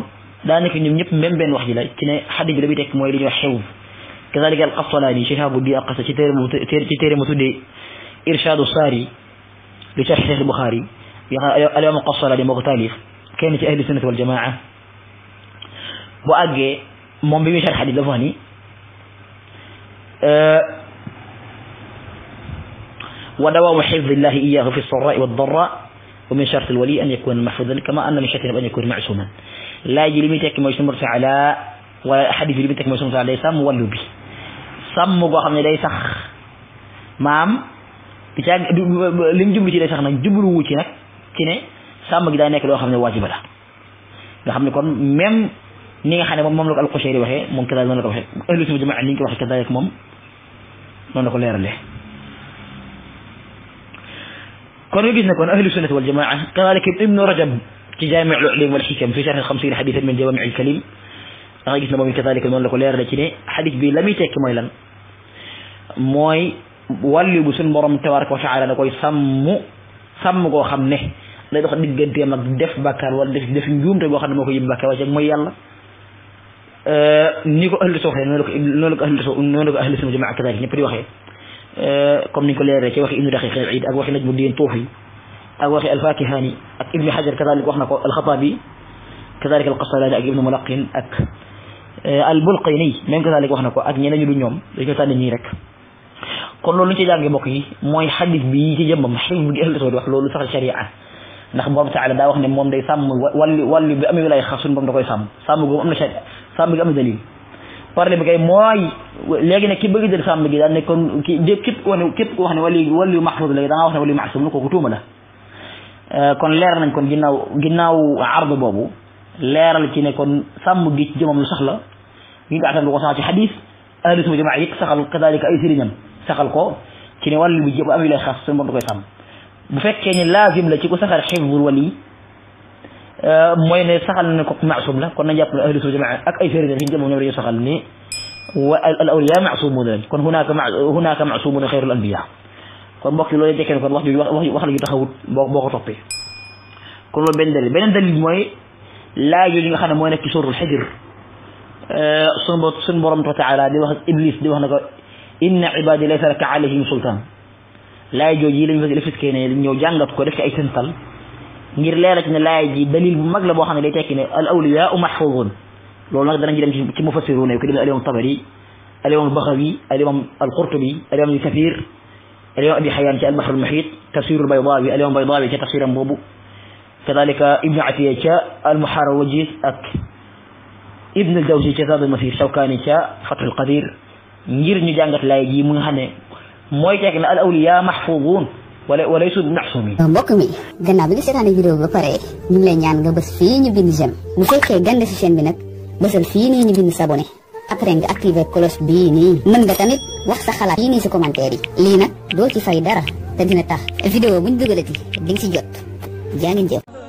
دا نك نيم نيب ميم بن واخ جي لا كي ني حديث لبي تك موي لي نيو كذلك القصلاني شهاب الدين قصه تيري تيري متودي ارشاد الصاري بشرح البخاري اليوم قصر لمغتالف كلمة أهل السنة والجماعة وأجي من بشرح شرح حديث لفاني آه، ودوام حفظ الله إياه في السراء والضراء ومن شرط الولي أن يكون محفوظا كما أن من شرطه أن يكون معصوما لا لميتك ما يسمى على ولا أحد لميتك ما يسمى على ليس مولو سم سمو قوة خمنا ليس مام du caa li mu jublu ci ne sax nag jublu wu ci nag ci ne sàmm gi daa nekk loo xam ne waajiba la nga xam ne kon même ni nga xam ne moom moom la ko alxushayri waxee moom kadalik noonu la ko waxee ahlu sunna jamaa ni ñu ko waxee kadalik moom noonu la ko leeralee kon nga gis ne kon ahlu sunnati wal jamaa kadalik ibnu rajab ci jaami' al-ulum wal hikam fi sharh xamsiin xadiisan min jawaami' al-kalim da ngay gis ne moom kadalik noonu la ko leeralee ci ne xadis bi la muy tekki mooy lan mooy wàllu bu suñ borom tabaraka wa taala da koy sàmm sàmm koo xam ne day dox digganteem ak def bàkkaar wala def def njuumte goo xam ne moo ko yëb bàkkaar wala mooy yàlla ni ko ahlu suuf noonu la ko noonu la ko ahlu suuf noonu la ko ahlu sunna ñëpp di waxee comme ni ko leeree ci waxi ibnu daqiq al iid ak waxi najmu diin tuufi ak waxi alfakihani ak ibni xajar kadalik wax na ko alxataabi kadalik alqasalaani ak ibnu mulaqin ak eh, albulqini même kadalik wax na ko ak ñeneen ñu du ñoom dañ ko tànn rek kon loolu ñu ci jànge mbokk yi mooy xadis bi ci jëmbam xadis bi ëllëg wax loolu sax sharia ndax borom taala daa wax ne moom day sàmm wàlli wàlli bi amee wilaay xasun borom da koy sàmm sàmm googu am na sharia sàmm gi am na dalil problème bi kay mooy léegi nag ki bëgg jël sàmm gi daal ne kon ki képp ku wax ne képp ku wax ne wali waliyu maxruud léegi da nga wax ne waliyu maxsuum la kooku tuuma la euh, kon leer nañ kon ginnaaw ginnaaw ardu boobu leeral ci ne kon sàmm gi ci jëmam lu sax la ñu ngi ko attan lu ko sax ci xadis ahlu sunna jamaa yi saxal kadalika ay sëriñam saxal ko ci ne walu bu jëm bu lay xas suñu borom da bu fekke ni lazim la ci ko saxal xifdul wali euh moy ne saxal na ko ma'sum la kon na jàpp ne ahlu sunna jamaa ak ay férida fi ñu moom ñoom saxal ni al awliya maasumuuna kon hunaaka ma hunaaka maasumuuna anbiya kon mbokk yi loolu kon wax wax wax la ju taxawut boo boo kon loolu benn dalil beneen dalil mooy laaj yooyu nga xam ne mooy ci suratul xijr sun sun borom taala di wax iblis di wax na ko إن عباد ليس لك عليهم سلطان لا لي يجوي لين فز لفت كينه لين يجانغت كورك أي سنتال غير ليرك لا يجي دليل مغلب بوحنا ليتا كينه الأولياء محفوظون لولا نقدر نجيب كم مفسرون يكلم اليوم الطبري اليوم البخاري اليوم القرطبي اليوم الكثير اليوم أبي حيان البحر المحيط تفسير البيضاوي اليوم البيضاوي كتفسير بوبو كذلك ابن عتية كا المحارة وجيز أك ابن الجوزي كذاب المثير شوكاني كا فتح القدير ngir ñu jàngat laay ji mu nga xam ne mooy tekki ne al awliya mahfuzuun wala wala su maxsumin mbokk mi gannaaw bi nga seetaane vidéo ba pare ñu ngi lay ñaan nga bës fii ñu bind jëm bu fekkee gande si chaîne bi nag bësal fii nii ñu bind s'abonné après nga activé cloche bii nii mën nga tamit wax sa xalaat fii nii si commentaire yi lii nag doo ci fay dara te dina tax vidéo buñ dugalati di nga si jot jaa ngeen jëf